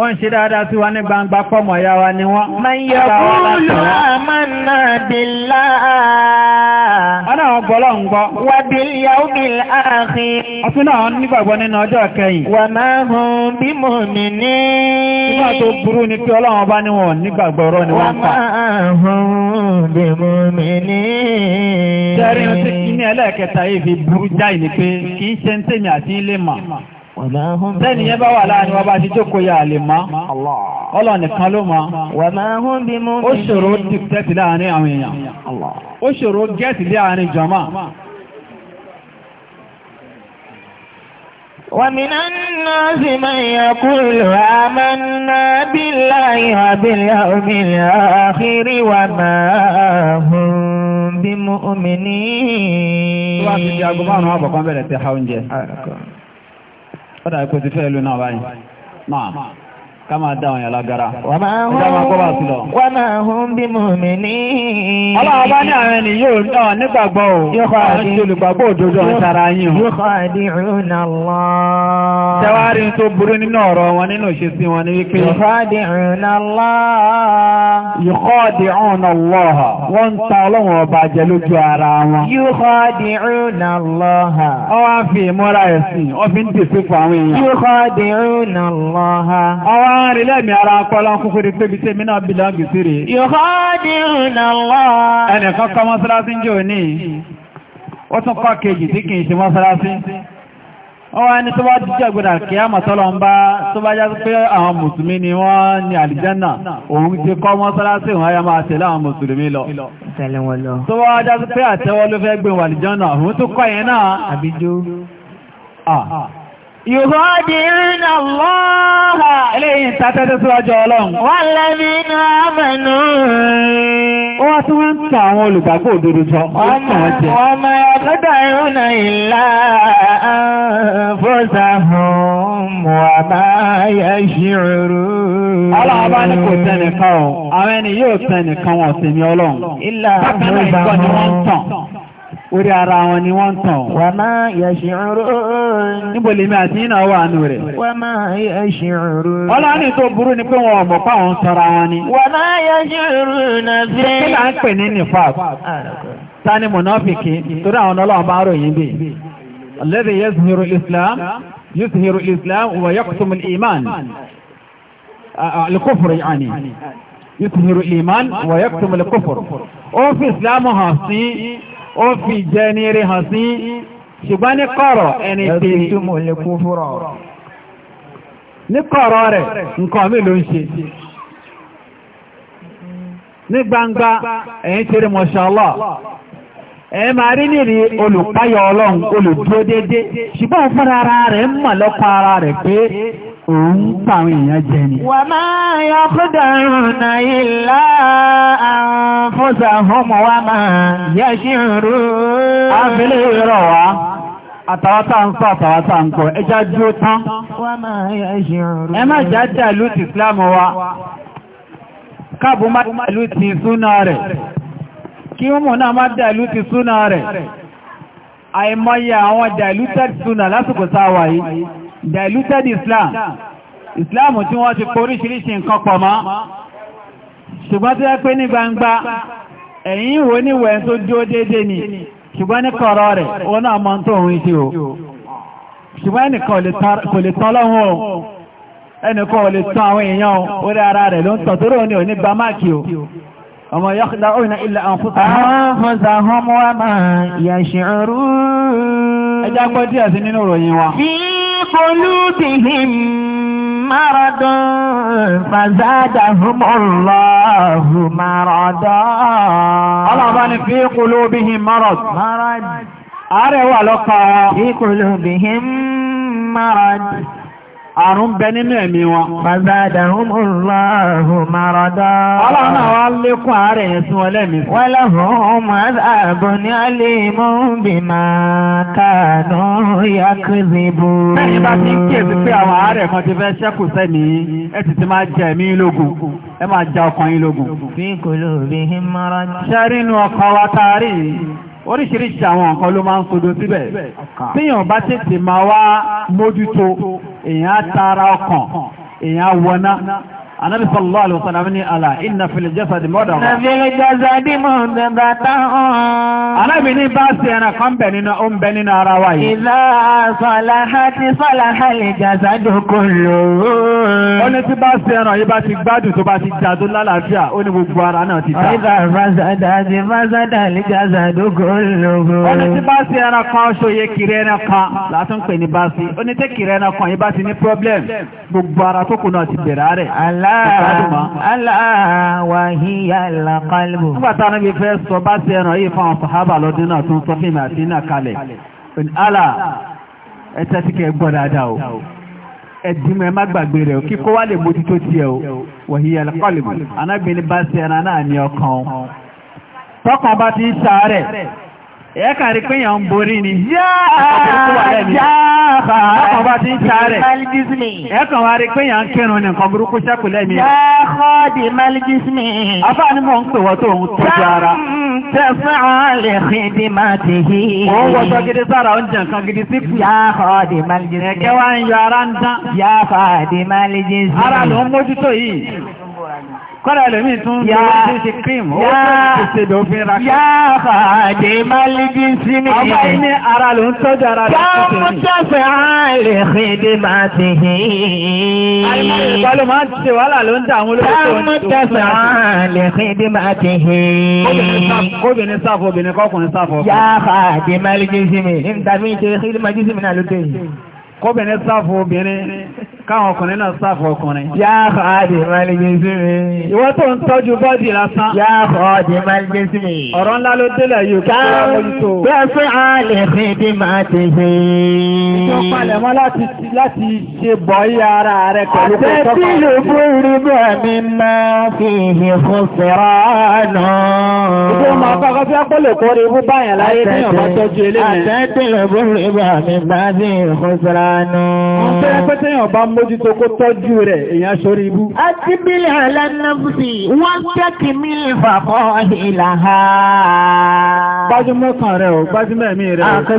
Speaker 4: wọ́n ṣe dáadáa sí wa ní gbangba pọ̀mọ̀ ya wa ni wọ́n. Mayọ̀kúlù àmànà bìlá. Ọ̀nà àwọn gbọ́lọ̀ ń gbọ́. Wà bí yaomi ààrin. Ọtún náà nígbàgbọ́ nínú ọjọ́ kẹyìn. Wà máa hun bí mò mí ní. Nígbà ni pé ọlọ́run ni wọ́n Lẹ́ni yẹn bá wà láàrin wa bá ti jókòó ya lè máa, ọlọ́ nìkan ló máa. Ó ṣòro dìtẹ́tì láàrin àwọn èèyàn. Ó ṣòro gẹ́ẹ̀tì láàrin
Speaker 3: jọmá.
Speaker 1: ومن الناس من يقول آمنا بالله وباليوم الآخر وما هم
Speaker 4: بمؤمنين ó dàbí kò ti fẹ́ lónà báyìí náà kama da wọn yàlágara ìjọba kọ́ bá sí lọ.
Speaker 2: wọ́n máa hún bí mùmínì. ọlọ́wọ́ bá ní àwọn ẹni
Speaker 4: yóò náà nígbàgbọ́ o àwọn wọn nínú ìṣesí wọn ní wípé. yóò kọ́ọ̀dì ìrún àlọ́. ń ta ọlọ́wọ́n ọba jẹ lójú ara wọn. yóò ń rí lẹ́mì ara akọ́lá kúkú rí pébi tí mínà bí lágbì sí rí.
Speaker 1: ẹnìkan kọ́ mọ́sálásí jò ní
Speaker 4: ó tún kọ́ kejì tí kìí ṣe mọ́sálásí ó wá ní tó bá jíjẹ́ gbọ́dà kí á mọ̀ ń bá pé àwọn mùsùlùmí ni wọ́n ní àlìjẹ́nà òun kọ́ mọ́sálásí òun
Speaker 1: náà tàtẹ́tẹ́ síwájú ọlọ́run. Wọ́n lẹ́bí inú àmẹ́nu.
Speaker 4: Ó wá tí wọ́n ń ta àwọn olùgbàgbọ́ òdodo jọ. Ọmọ
Speaker 1: ọgọ́dọ̀ ìrúnà ìlà fọ́sà mọ̀ àbáyẹ ṣírò. Ọlọ́ọ̀bá ní kò tẹ́nìkan
Speaker 2: ọ̀,
Speaker 4: àwọn ẹni yóò tẹ́nìkan wọn sí ní ọlọ́run. Ìlà orí ara wọn ni wọ́n tàn. Wa ma yash'urun. Níbo lèmi àti iná wà nù rẹ̀? Wa ma yash'urun. Ọlá ní tó burú ni pé wọn ọ̀mọ̀ fáwọn sọra wọn ni. Wa
Speaker 1: ma yash'urun fi. Kí là ń pè ní nifaq? Ah,
Speaker 4: Ta ni mùnáfìkì? Torí àwọn ọlọ́run bá rò yín bì. Alladhi yuzhiru al-Islam, yuzhiru al-Islam wa yaqtumu al-iman. Ah, al-kufr yani yuzhiru al-iman wa yaqtumu al-kufr. Ó fi ìsìlámù hàn sí ó fi jẹ́ ní eré hàn sí ṣùgbọ́n ní kọ̀rọ̀ ẹni tèrè ní kọ̀rọ̀ rẹ̀ mi ló ń ṣe ní gbangba ẹ̀yìn tèrè mọ̀ṣálà ẹ máa rí nìrí olùpáyọ̀ ọlọ́run ṣùgbọ́n ara rẹ̀ mọ̀ ara rẹ̀ pé òun pàwọn èèyàn jẹ ni. wà máa yọ
Speaker 3: fúdàrùnà ilá
Speaker 2: àfúnsà
Speaker 4: homo wà máa yẹ ṣe rú. a fi lè rọ̀ wá àtàwátà ń sọ àtàwátà ń kọ ẹjá dúró tán.
Speaker 2: wà máa yẹ ṣe ẹ má jà dàlú ti Islam wa
Speaker 4: káàbù má dàlú ti súnà rẹ̀ kí mọ̀ náà má dàlú ti súnà rẹ̀ àìmọye àwọn dàlú tẹ̀ súnà lásìkò sáwà yìí diluted Islam Islam tí wọ́n ti poríṣiríṣi nǹkan pọ̀ mọ́ ṣùgbọ́n tí wọ́n pé ní gbangba ẹ̀yìn wo ní wẹ̀ tó dúó déédéé ni ṣùgbọ́n ní kọ̀rọ̀ rẹ̀ wọ́n náà mọ́ tó òun ṣe o ṣùgbọ́n ẹnì kò lè tán lọ́wọ́ o ẹnì kò lè tán àwọn èèyàn orí ara rẹ̀ ló ń tọ̀ tóró ní òní gba máàkì o ọmọ قلوبهم مرض فزادهم
Speaker 2: الله مرضا الله بان في قلوبهم مرض مرض
Speaker 3: أرى ولقى
Speaker 2: في قلوبهم مرض àrùn bẹ nínú ẹ̀mí wọn. Fàzádàhùn Allahu marada. Ọlọ́run náà wá lékún ààrẹ yẹn sí wọn lẹ́mí. Wọ́n lọ́hùn mọ́sàbọ̀ ní alímọ̀ bima kanu yakzibu. Bẹ́ẹ̀ni bá ti ń kíyèsí pé àwọn
Speaker 4: ààrẹ kan ti fẹ́ ṣẹ́kù sẹ́mi, ẹ ti ti máa jẹ ẹ̀mí lógun, ẹ máa ja ọkàn yín lógun. Fi qulubihim marad. Ṣẹ́rínú ọkọ̀ wa taari oríṣiríṣi àwọn nǹkan ló máa ń sodo síbẹ̀
Speaker 3: tíyàn bá tètè máa wá mójútó
Speaker 4: èèyàn á tara ọkàn èèyàn á wọná Ànábì sallallahu alaihi wasallam ní àlà inna fil jasadi mọ́dàrà. Inna fil jasadi mọ́dàrà. Ànábì ní bá sí ẹran kan bẹ̀ nínú ó ń bẹ nínú ara wa yìí. Idha salahati salahal jasadu kulluhu. Ó ní tí bá sí ẹran yìí bá ti gbádùn tó bá ti jàdó lálàáfíà
Speaker 1: ó ní gbogbo ara náà ti dá. Idha
Speaker 4: aláwàhíyà làkálùbù. nígbàtà náà bí fẹ́ sọ bá sí ẹran yìí fáwọn sàhábà lọ́dún náà tún sọ fíìmì àti iná kalẹ̀ alá ẹ̀tẹ́ sí kẹ́ gbọ́ dáadáa o ẹ̀dìmọ̀ ẹ̀ má gbàgbé rẹ̀ o kíkọ́ ẹ kàrí pé yàn ń borí ni. yáàbà ọkàn bá ti ń sáré. ẹ kàn wá rí pé yàn ń kírun ní nǹkan burúkú sẹ́kù lẹ́mí. yáàbà di maligismi.
Speaker 2: afá ni mò ń pè wọ́n tó ń tọ́jú ara. tẹ̀sán lè ń mójútó yìí. Kọ́lá
Speaker 1: ẹlòmí tún ń bẹ̀rẹ̀ ṣe kírìmù, ó fẹ́ ṣe bẹ̀ òfin ra kí. Yáà fàájì máa lè bí sí ní ìlú. Ọba iní ara ló ń tọ́jú ara rẹ̀ tó tẹ̀lé. Káàmù tẹ̀sẹ̀
Speaker 4: máa ti hìn. Àìmọ̀ ìgbà ló máa ń ló ń dà àwọn olóòtú. Káàmù tẹ̀sẹ̀
Speaker 1: àìlè
Speaker 2: ṣèdè máa ti hìn. Kóbìnrin sáfù obìnrin kọ́kùnrin sáfù ọkùnrin. Yáà fàájì máa lè bí sí kóbìnrin sáfù
Speaker 4: obìnrin káwọn ọkùnrin náà sáfù ọkùnrin. yá ọ̀dì mẹ́lẹ́gbẹ́sí mi. ìwọ́n tó ń tọ́jú bọ́ọ̀dì lásán. yá ọ̀dì mẹ́lẹ́gbẹ́sí mi. ọ̀rọ̀ ńlá ló délẹ̀ yìí kí wọ́n mójútó. bẹ́ẹ̀ fún àlẹ́ fi bí máa ti fi. ìjọ palẹ̀mọ́ láti ṣe bọ̀ yí ara rẹ̀ pẹ̀lú pé tọ́kọ̀. àtẹ̀tí ló
Speaker 1: fúri bẹ́ẹ̀
Speaker 2: mi máa fi hì fún sẹ́rànà.
Speaker 4: ìjọ máa àánú. Wọ́n tẹ́ yàn bá mójútó kó tọ́jú rẹ̀ èèyàn ṣorí ibú.
Speaker 1: A ti bílẹ̀ alẹ́nàbùsì, wọ́n tẹ́ kì mí fàkọ́ ìlàhà. Gbájúmọ́ kan rẹ̀
Speaker 4: o, gbájúmọ́ ẹ̀mí rẹ̀ o, kó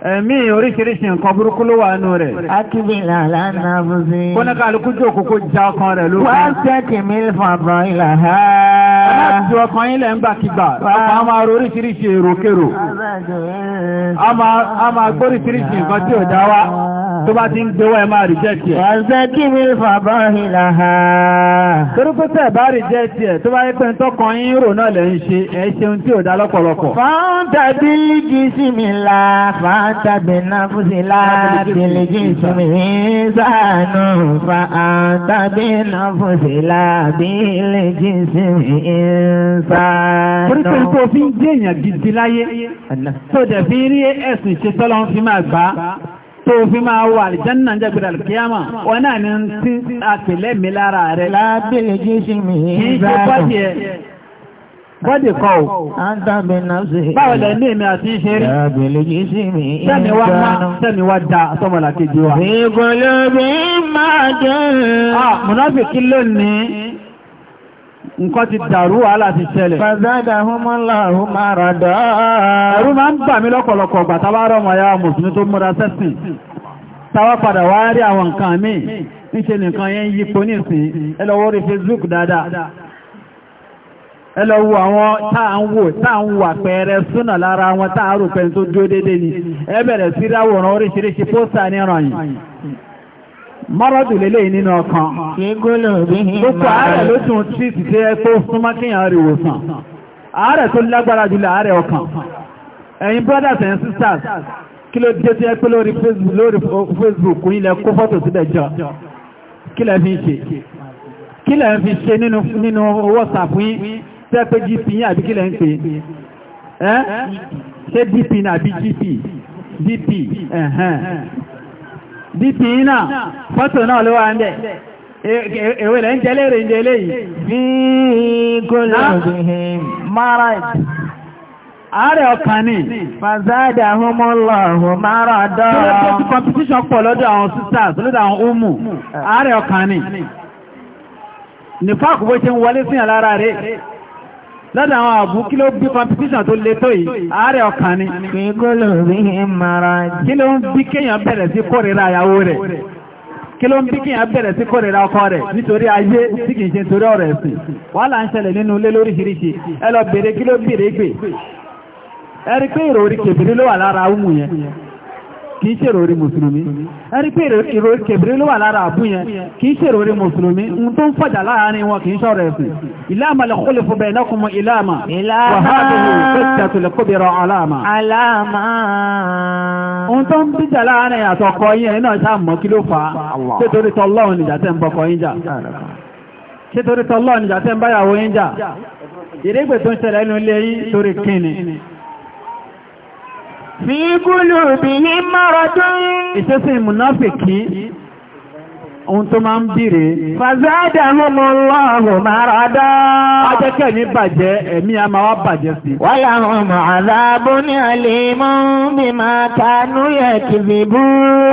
Speaker 4: ẹ̀mí oríṣiríṣi nǹkan burúkú ló wà nù rẹ̀. akíbìlà lánàá bó ṣe. kó ní kálukú jókòó kó já ọkàn rẹ̀ lókun. wọ́n tẹ́tì mí fàbọ̀ ilà ha. aláàtì ọkàn yín lẹ̀ ń gbàkigbà. ọkàn á máa ro oríṣiríṣi èròkèrò. a máa gbọ́ oríṣiríṣi nǹkan tí ò dá wa tó bá ti ń gbé wá ẹ máa rìjẹ́tì ẹ̀. wọ́n tẹ́ kí mi fàbọ̀ ilà ha. torípé tẹ̀ bá rìjẹ́tì ẹ̀ tó bá yẹ pé ń tọkàn yín rò náà lẹ̀ ń ṣe ẹ̀ ṣeun tí ò dá
Speaker 1: lọ́pọ̀lọpọ̀.
Speaker 2: fáwọn tàbí kìí sí mi la fáwọn tàbí náfúsí láti lè jí ìsinmi ìsànù fa tàbí náfúsí láti lè jí ìsinmi ìsànù. Oríṣiríṣi fi ń
Speaker 4: jẹ́ èèyàn gidi láyé, tó dẹ̀ fi rí ẹ̀sìn ṣe tọ́lọ́ fi máa gbà tó fi máa wà àlìjánà jẹ́gbẹ̀rẹ̀ alkiyama wọn náà ni tí a tẹ̀lé mi lára rẹ̀.
Speaker 2: Lábẹ́lẹ̀ jésù mi ń bá
Speaker 3: bọ́dì kọ́ ò. a ń dábẹ̀
Speaker 2: náà sí. báwo lẹ ní èmi àti ṣe rí. dábẹ̀lẹ̀ yìí sí mi. sẹ́mi wá má sẹ́mi wá
Speaker 4: da sọ́mọ̀lá kejì wa. ìgbòlóbi máa jẹ́. a mùnáfi kí lónìí nǹkan ti dàrú wàhálà ti ṣẹlẹ̀. fàzádà húnmọ́lá húnmọ́radà. ẹ̀rú máa ń bà mí lọ́pọ̀lọpọ̀ ọgbà tábà rọmọ ya mùsùlùmí tó múra sẹ́sìn. táwa padà wá rí àwọn nǹkan míì níṣẹ́ nìkan yẹn yípo nísìn ẹ lọ rí Facebook dáadáa ẹlọ wo àwọn táà ń wò táà ń wà pẹ̀ẹ̀rẹ̀ súnà lára wọn táà rò pẹ̀lú tó dúó dédé ni ẹ bẹ̀rẹ̀ sí ráwòrán oríṣiríṣi pósà ní ọ̀ràn yìí mọ́rọ̀dù lélẹ̀ nínú ọkàn gbogbo ààrẹ ló tún tí ti tẹ́ ẹ̀kọ́ súnmọ́ kíyàn rí wòsàn ààrẹ tó lágbára jùlọ ààrẹ ọkàn ẹ̀yin brothers and sisters kí ló dé tí ẹ pé lórí Facebook ilẹ̀ kó fọ́tò síbẹ̀ jọ kí lẹ́ fi ṣe nínú WhatsApp yìí tẹ́pẹ́ gp yín àbí ń pè dp náà gp dp dp yín náà fọ́tò náà ló ń bẹ̀ èwe e, e, lẹ́ ń jẹ́lé rẹ̀ ń jẹ́lé yìí. ààrẹ ọkàn ní fàzádà ahúnmọ́lọ́hùn márọ̀ dọ́rọ̀ tí ó ti pọ̀ lọ́dọ̀ àwọn sisters lọ́dọ̀ àwọn umu ààrẹ ọkàn ní ń wọlé lọ́dọ̀ àwọn àbú kí ló bí competition tó le tó yìí ààrẹ ọkàn ni. kíkólò rí mara jù. kí ló ń bí kéèyàn bẹ̀rẹ̀ sí kórìíra ìyàwó rẹ̀ kí ló ń bí kéèyàn bẹ̀rẹ̀ sí kórìíra ọkọ rẹ̀ nítorí ayé tí kìí ṣe torí ọ̀rọ̀ ẹ̀sìn wàhálà ń ṣẹlẹ̀ nínú ilé lóríṣiríṣi ẹ kí ló bèrè gbè ẹ pé ìròrí kèbèrè ló wà lára ọmọ yẹn kìí ṣèrò orí mùsùlùmí ẹni pé ìrò kèbìrí ló wà lára àbú yẹn kìí ṣèrò orí mùsùlùmí ń tó ń fàjà láàárín wọn kìí ṣọ̀rọ̀ ẹ̀sìn ìlàmà lè kólè fún bẹ̀rẹ̀ nákùnmù ìlàmà wàhálùhù tó ń
Speaker 3: ṣẹlẹ̀ nínú ilé torí kíni
Speaker 4: Fi kúlù bí ní mọ́rọ̀ tó ń. Ìṣẹ́sìn ìmùnáfèkì ohun tó máa ń bìrè. fàzádà mọ́mọ́
Speaker 1: lọ́hùn mara dá. ajẹ́kẹ́ mi
Speaker 4: bàjẹ́ ẹ̀mí a máa wá bàjẹ́ sí.
Speaker 1: wàlá ọmọ àdáàbò ní alẹ́ mọ́ bí máa ta núyẹ̀ kìzìbú.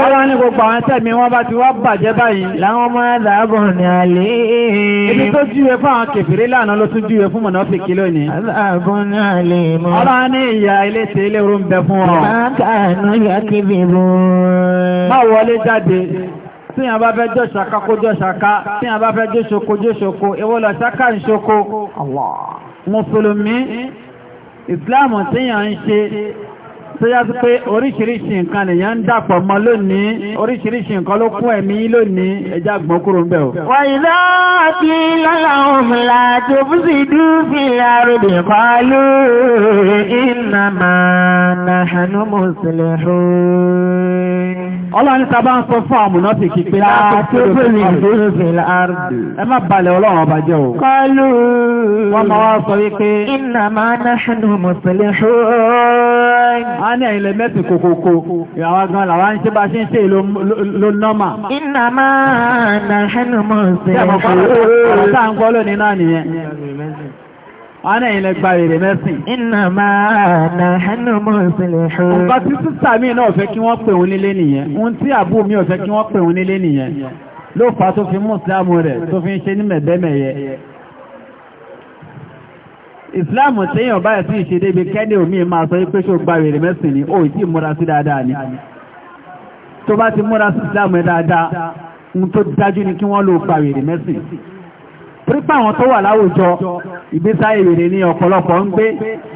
Speaker 1: ọlọ́run ní gbogbo àwọn tẹ̀mí wọn bá ti wá bàjẹ́ báyìí. làwọn ọmọ àdáàbò ní alẹ́.
Speaker 4: ibi tó júwe fún àwọn kẹfìrí lánàá ló tún júwe fún mọ̀nàfíkì lónìí. àdáàbò ní alẹ́ mọ́. ọlọ́run ní ìyá tí yàn bá fẹ́ jọ ṣàká kó jọ ṣàká tí yàn bá fẹ́ jọ ṣoko jọ ṣoko ìwọ lọ ṣàká ń ṣoko mùsùlùmí ìsìláàmù tí yàn ń ṣe tó yá sí pé oríṣiríṣi nǹkan nìyàn ń dàpọ̀ mọ́ lónìí oríṣiríṣi nǹkan ló kún ẹ̀mí lónìí ẹjá gbọ́n kúrò ń bẹ̀ o. wà ìlà àti
Speaker 1: lọ́la òmìnira tó fún sí dúfì àròdì pàálù iná máa hànú mùsùlùmí.
Speaker 4: ọlọ́run ta bá ń sọ fún àmùnà fi kí pé láti fún dúfì àròdì. ẹ má balẹ̀ a ní ẹ̀yìn lè mẹ́sìn kòkòkò ìyàwó gan làwọn ṣe bá ṣe ń ṣe ló nọ́mà. iná máa nà ẹnu mọ̀ sí ẹ̀kọ́. ọ̀tá ń gbọ́ lónìí náà nìyẹn. Àwọn ẹ̀yìn lẹ gba èrè mẹ́sìn. Iná
Speaker 1: máa nà ẹnu mọ̀ sí ẹ̀kọ́. Nǹkan
Speaker 4: tí sísà mi náà fẹ́ kí wọ́n pè òun nílé nìyẹn. Ohun tí àbúrò mi ò fẹ́ kí wọ́n pè òun nílé nìyẹn. Ló fà tó fi mú ìsìlámù rẹ̀ tó fi ń ṣe ní mẹ̀bẹ́mẹ̀yẹ ìsìláàmù tẹ́yàn báyẹ̀ sí ìṣẹ́dé ibi kẹ́dé omi máa sọ pé ṣe gba wèrè mẹ́sìn ni ó ìtí múra sí dáadáa ni tó bá ti múra sí ìsìláàmù ẹ dáadáa ń tó dájú ni kí wọ́n lò gba wèrè mẹ́sìn pípa àwọn tó wà láwùjọ ìgbésá ìrèrè ní ọ̀pọ̀lọpọ̀ ń gbé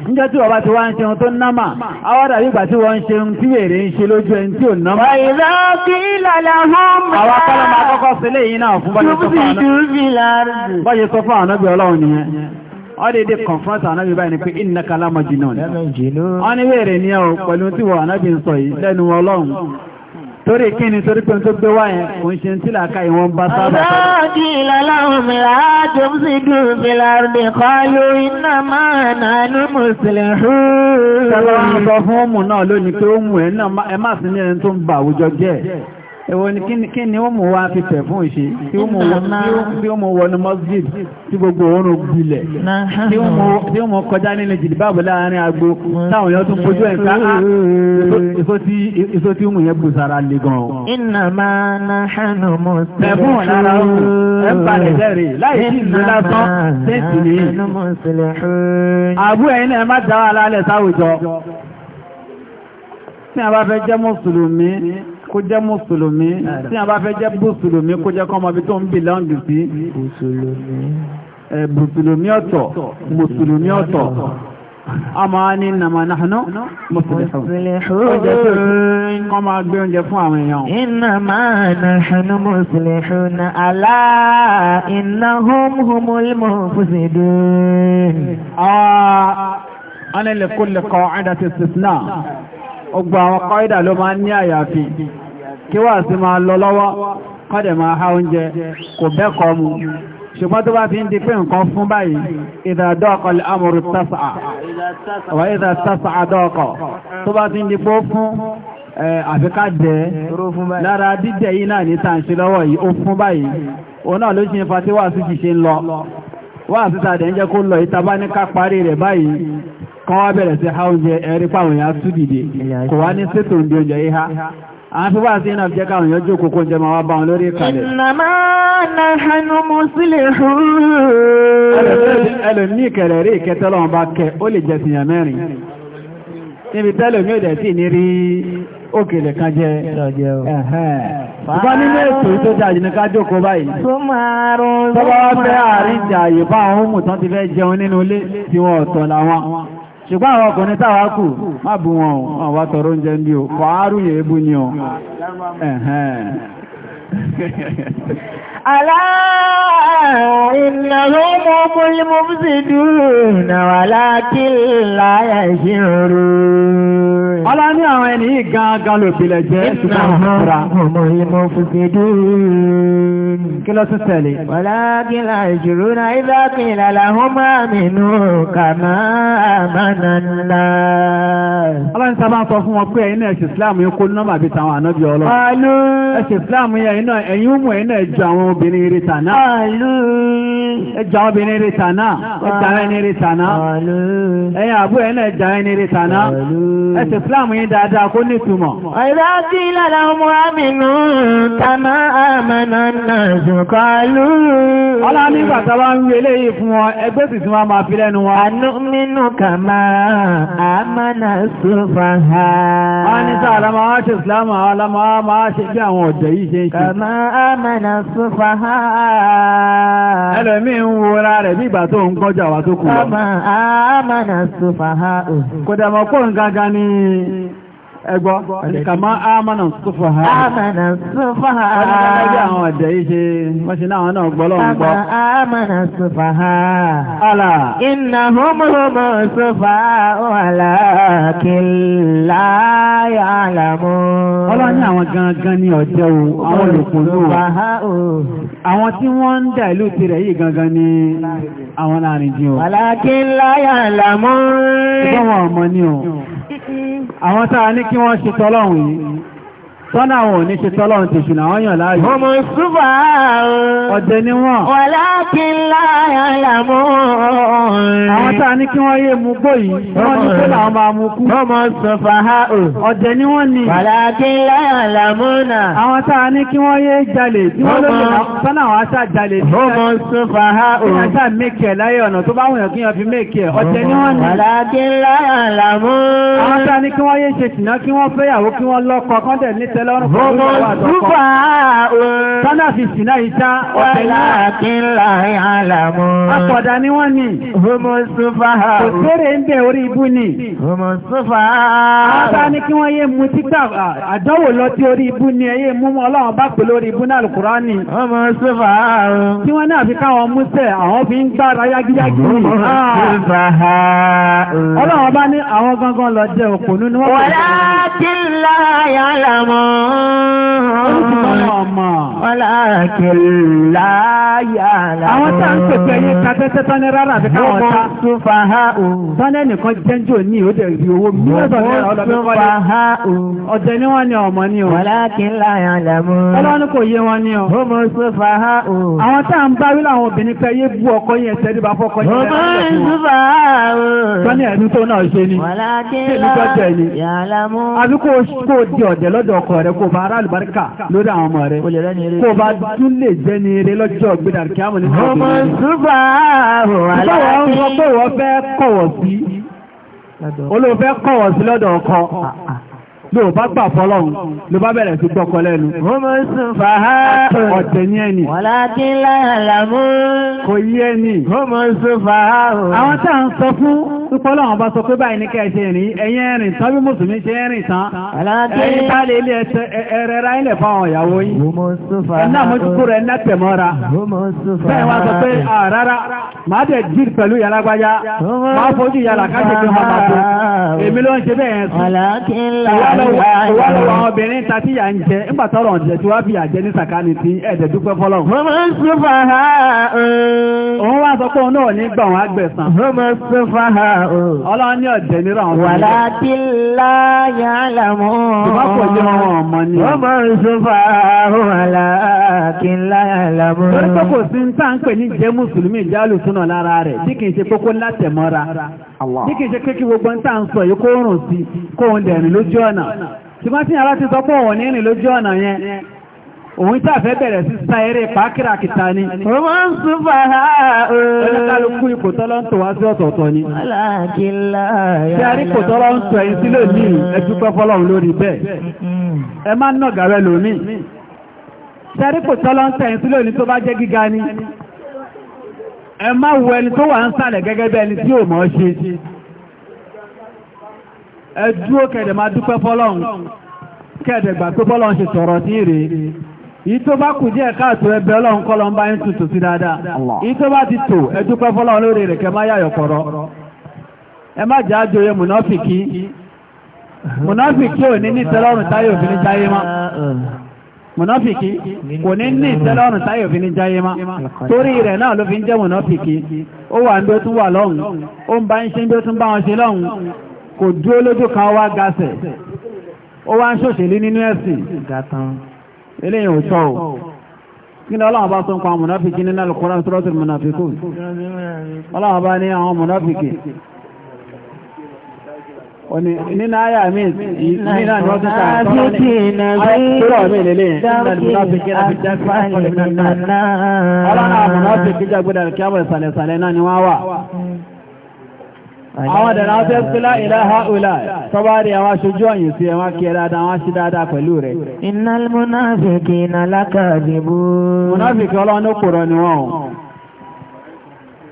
Speaker 4: níjọ́ tí ọba ti wá ń ṣe ohun tó námà awádà nígbà tí wọ́n ń ṣe ohun tí èrè ń ṣe lójú ẹni tí ò námà. ìrọ̀
Speaker 1: kí lọ́lọ́ hàn. àwa kọ́lọ́ máa kọ́kọ́
Speaker 4: yìí náà fún bọ́jẹ̀ tó fún àná. bọ́jẹ̀ bí ọlọ́run nìyẹn wọ́n dédé confront ànábì báyìí ni pé innaka la majnun wọ́n ní wèrè ní ọ̀ pẹ̀lú tí wọ́n ànábì ń sọ yìí lẹ́nu ọlọ́run torí kí torí pé tó gbé wá yẹn kò ń ṣe tí làákà ìwọ̀n bá sábà. ọ̀dáàdì lọ́láhùn
Speaker 1: láàájọ́ sí dùnfìlàrùdì kọlu iná máa náà mùsùlùmí. tẹ́lọ́wọ́n sọ fún
Speaker 4: ọmọ náà lónìí pé ó ẹ̀ náà ẹ má sí ní ẹni tó ń ba àwùjọ jẹ́ Èwo ni kí ni ó mú wá fi tẹ̀ fún ìṣe? Tí ó mú wọnú Mosjid tí gbogbo oòrùn gbilẹ̀. Tí ó mú kọjá nínú jìdìbáàbò láàárín agbo táwọn èèyàn tún fojú ẹ̀ ká ah, èso tí ó mú yẹn gbòsára lè gan.
Speaker 2: Iná máa ná hànú mọ̀ sí ẹ̀kọ́. Ẹ̀fún lára ó ẹ̀ ń balẹ̀ jẹ́rìí láì sí ìlú lásán tẹ́sì ní. Àbú ẹ̀yin náà má dáwà lálẹ̀
Speaker 4: sáwùjọ. Tí a bá fẹ́ jẹ́ Mùsùlùmí, kó jẹ́ mùsùlùmí tí a bá fẹ́ jẹ́ mùsùlùmí kó jẹ́ kọ́mọ bí tó ń bì lọ́ǹdì sí mùsùlùmí ọ̀tọ̀ mùsùlùmí ọ̀tọ̀ àmọ́
Speaker 2: ní nàmà náà mùsùlùmí kọ́ máa gbé oúnjẹ fún àwọn èèyàn iná máa náà mùsùlùmí alá iná
Speaker 1: hùmùmùlmù fúsìdó
Speaker 4: ọ̀nà ọgbà àwọn kọ́ ìdà ló máa ní àyàfi kí wà sí máa lọ lọ́wọ́ kọ́dẹ̀ máa há oúnjẹ kò bẹ́kọ̀ mu ṣùgbọ́n tó bá fi ń di pé nǹkan fún báyìí ìdàdọ́ọ̀kọ̀ amòrò tásàá
Speaker 3: wà ìdà tásàá dọ́ọ̀kọ̀
Speaker 4: tó bá fi ń di pé fún àfikà jẹ́ lára dídẹ̀ yìí náà ní tàǹṣe lọ́wọ́ yìí ó fún báyìí òun náà ló ṣe ń kó lọ ìtaba ní ká parí rẹ̀ báyìí kan wá bẹ̀rẹ̀ sí ha oúnjẹ ẹ̀rí pàwọn èèyàn sùdìdì kò wá ní sétò ń oúnjẹ yìí àwọn fi wá sí iná jẹ́ káwọn yóò jókòó kó jẹ máa wá bá wọn lórí ìkàlẹ̀. ìnàmá na hannu muslim rí ìkẹtẹ́lọ́wọ́n bá kẹ ó lè jẹ síyàn mẹ́rin níbi tẹ́lẹ̀ mi ò sí ní rí òkèlè kan jẹ ṣùgbọ́n ṣùgbọ́n àwọn ọkùnrin táwa kù má bú wọn o wá tọrọ oúnjẹ ní o yẹn
Speaker 1: ألا إنهم هم المفسدون ولكن لا يشعرون Ọlá ní àwọn ẹni gangan ló bílẹ̀ jẹ́ ṣùgbọ́n ìfúra.
Speaker 2: Ọmọ ìmọ̀ fòfèdè kí lọ́tún tẹ̀lé. Walakin la yashuruna idha qila lahum aminu kama amana
Speaker 4: an-nas. Ọlọ́run sábà ń sọ fún wọn pé ẹ̀yin náà ṣe Ìsìláàmù yẹn kó nọ́mbà bíi tàwọn ànábì Ọlọ́run. Ẹ̀ṣẹ̀ Ìsìláàmù yẹn ẹ̀yin náà ẹ̀yin obìnrin eré tànà. ẹjà obìnrin eré tànà ẹjà ẹni eré tànà ẹ̀yìn àbú ẹ̀ náà ẹjà ẹni eré tànà ẹsẹ̀ fúlàmù yín dáadáa kó ní ìtumọ̀.
Speaker 1: ọ̀rẹ́ sí lára ọmọ àmìnú tàmá àmàna náà ṣùkọ́lù. ọlá nígbà tá a bá ń wí eléyìí fún wọn ẹgbẹ́ sì tún wá máa fi lẹ́nu wọn. àánú mínú kàmá
Speaker 4: àmàna sùfàhà. wọ́n ní sáà lámà wá ṣe ìsìlámù àwọn lámà wá máa ṣe bí àwọn ọ̀dọ́ yìí ṣe ń ṣe. kàmá
Speaker 2: àmàna sùfà sùfàhà.
Speaker 4: ẹlẹ́mí ń wúra rẹ̀ bí ìgbà tó ń kọjá wa tó kù lọ. àmà àmà nà ni. ẹgbọ́ kàmá ma sọ́fà ha ámànà sọ́fà ha ẹgbẹ́ àwọn ọ̀dẹ̀ yìí ṣe wọ́n ṣe náà náà gbọ́lọ́ ń gbọ́ ámànà
Speaker 2: sọ́fà ha alà iná homohomo sọ́fà ọ̀là àwọn gangan
Speaker 4: ni ọ̀dẹ́ o àwọn olùkùnlù àwọn tí wọ́n ń dà ìlú tirẹ̀ yìí gangan ni àwọn láàrin jí o ìgbọ́n wọn ọmọ ni o
Speaker 3: àwọn tára ní tí wọ́n ṣe tọ́lọ́run yìí
Speaker 4: Tọ́lá àwọn òní ṣe tọ́lọ́run ti ṣùnà wọ́n yàn láàyò. Ọmọ ìṣúbà ọ̀dẹ ni wọ́n. Wọ̀lá kí ń láyà yàmú. Àwọn tá a ní kí wọ́n yé mu gbó yìí, wọ́n ní kó làwọn máa mu kú. Ọmọ ìṣọ̀fà ha ò. Ọ̀dẹ ni wọ́n ni. Wọ̀lá kí ń láyà yàmú náà. Àwọn tá a ní kí wọ́n yé jalè tí wọ́n lóye tọ́lá àwọn aṣá jalè. Ọmọ ìṣọ̀fà ha ò. Ìyá sá mẹ́kẹ̀ láyé ọ̀nà tó bá wùyàn kí wọ́n fi mẹ́kẹ̀. Ọ̀dẹ ni wọ́n ni. Wọ̀lá kí ń láyà yàmú. Àwọn tá a ní kí wọ́n yé ṣe ṣìnà kí wọ́n fẹ́yàwó kí wọ́n lọ́kọ kọ́ńtẹ̀ lọ́rùn pẹ̀lú ìwà àtọ́kọ́. Tánà fi sínà ìta ọ̀tẹ̀lá. Wàlákínlá àlàmú. Akọ̀dà ni wọ́n ní. Homo sufa. Kò sóre ń bẹ̀ orí ibú ni. Homo sufa. Àbá ní kí wọ́n yé mu títà àdánwò lọ tí orí ibú ni ẹ yé mú ọlọ́run bá pè lórí ibú náà Kùránì. Homo sufa. Tí wọ́n náà fi káwọn músẹ̀ àwọn fi ń gbára yágíyágí ni. Ọlọ́run bá ní àwọn gangan lọ jẹ òkùnú ni wọ́n. Wàlákínlá àlàmú. Àwọn tá ń pèpè yín ká tẹ́tẹ́ tán ní rárá àti káwọn tá. Wọ́n tún fa ha o. Tọ́lẹ̀ nìkan jẹ́njú òní ó dẹ̀ rí owó mílíọ̀nù ọlọ́dún kọ́lé. Wọ́n tún fa ha o. Ọ̀jẹ̀ ni wọ́n ní ọmọ ni o. Wàlákin láyà àlàmú. Ọlọ́run ṣe ni.
Speaker 1: Wàlákin
Speaker 4: láyà rẹ kó bá ara àlùbáríkà lórí àwọn ọmọ rẹ kó bá tún lè jẹ́ ní eré lọ́jọ́ gbéra kí á mọ̀ nípa ìgbéra. ọmọ ṣùgbọ́n àwọn aláàbí. báwo ń sọ pé wọ́n fẹ́ kọ̀wọ̀ sí olóòfẹ́ kọ̀wọ̀ sí lọ́dọ̀ ọkọ ló ah, ah, ah. bá gbà fọ́lọ́run ló bá bẹ̀rẹ̀ sí gbọ́kọ lẹ́nu. ó mọ́ sùn fàá ọ̀tẹ̀ ní ẹni. wọ́lá kí láàlámú. kò yí ẹni. ó mọ́ sùn fàá. àwọn tá à ń sọ fún Ìpọ́lọ̀ àwọn bá sọ pé báyìí ní kẹ́ ṣe rìn ẹ̀yìn ẹ̀rìn tán bí Mùsùlùmí ṣe rìn tán. Ẹ̀yìn bá lè ilé ẹ̀rẹ̀ ra ilẹ̀ fáwọn ìyàwó yìí. Ẹ̀nà àmójúkú rẹ̀ ná tẹ̀mọ́ ra. Bẹ́ẹ̀ wá sọ pé àrárá, máa dẹ̀ jí pẹ̀lú yàlágbájá, máa fojú yàlá káṣe pé máa bàtò. Èmi ló ń ṣe bẹ́ẹ̀ sùn. Ìwà lọ́wọ́ àwọn obìnrin ta tí yà ń jẹ, ń bàtọ́rọ̀ ọ̀jẹ̀ tí wá fi yà jẹ wá sọ pé òun náà ní o. ọlọ́run ní ọ̀jẹ̀ nírú àwọn ọmọ ìjọ. wàlá bí
Speaker 1: láyà àlàmú. ìbá pọ̀ jẹ́ wọn ọmọ ni. wọ́n máa ń sọ
Speaker 2: fà áhùn àlá kí n láyà àlàmú. torí pé kò sí ń tà ní jẹ́
Speaker 4: mùsùlùmí ìjálù súnà lára rẹ̀ bí kì í ṣe kókó látẹ̀mọ́ra. bí kì í ṣe pé gbogbo ń tà ń sọ yìí kó rùn sí kó dẹ̀rìn lójú ọ̀nà. ṣùgbọ́n tí òun tí a fẹ́ bẹ̀rẹ̀ sí sa eré pàákìrà ni. ó máa ń sún fàá o. oníkálukú ipò tọ́lọ́ ń tò wá sí ọ̀tọ̀ọ̀tọ̀ ni.
Speaker 2: aláàkìlá yàrá. tí a rí ipò tọ́lọ́ ń tò ẹ̀yìn sílẹ̀ ní
Speaker 4: ẹ̀dúpẹ́ fọlọ́run lórí bẹ́ẹ̀. ẹ má nà gàrẹ́ lómi. tí a rí ipò tọ́lọ́ ń tò ẹ̀yìn sílẹ̀ ní tó bá jẹ́ gíga ni. ẹ má wo ẹni tó wà ń sàlẹ̀ gẹ́gẹ́ bí ẹni tí ò mọ̀ ṣe. ẹ yi tó bá kù díẹ̀ káàtó ẹbẹ̀ ọlọ́run kọ́ ń bá yín tuntun sí dáadáa tó bá ti tò ẹ dúpẹ́ lórí rẹ̀ kẹ́ má ẹ má jẹ́ àjòyè mùnáfìkì mùnáfìkì ò ní ní ìtẹ́lọ́rùn táyé òfin ní jáyé má mùnáfìkì kò ní ní táyé òfin ní torí rẹ̀ náà ló fi ń jẹ́ mùnáfìkì ó wà ń bí ó lọ́hùn ó eléyìí ò tọ́ o kí ni ọlọ́run bá tó ń pa mùnáfíkì nínú Al-Qur'an Suratul Munafiqun ọlọ́run bá ní àwọn mùnáfíkì nínú ayé àmì ìrìnà ni wọ́n tún ká àtọ́rọ̀ ní àìkúrò àmì ìlélẹ̀ ọlọ́run àmùnáfíkì jágbédà
Speaker 3: àwọn ìdàrà ọ̀sẹ̀ pílá ìlàhà òlà
Speaker 4: tọ́bárí àwọn aṣojú ọ̀yìn sí ẹ̀wọ̀n kí ẹ̀dá àwọn aṣí dáadáa pẹ̀lú rẹ̀. Innal
Speaker 2: munafiqina lakadibun. Munafiki ọlọ́run ó pòrọ̀ ni wọ́n.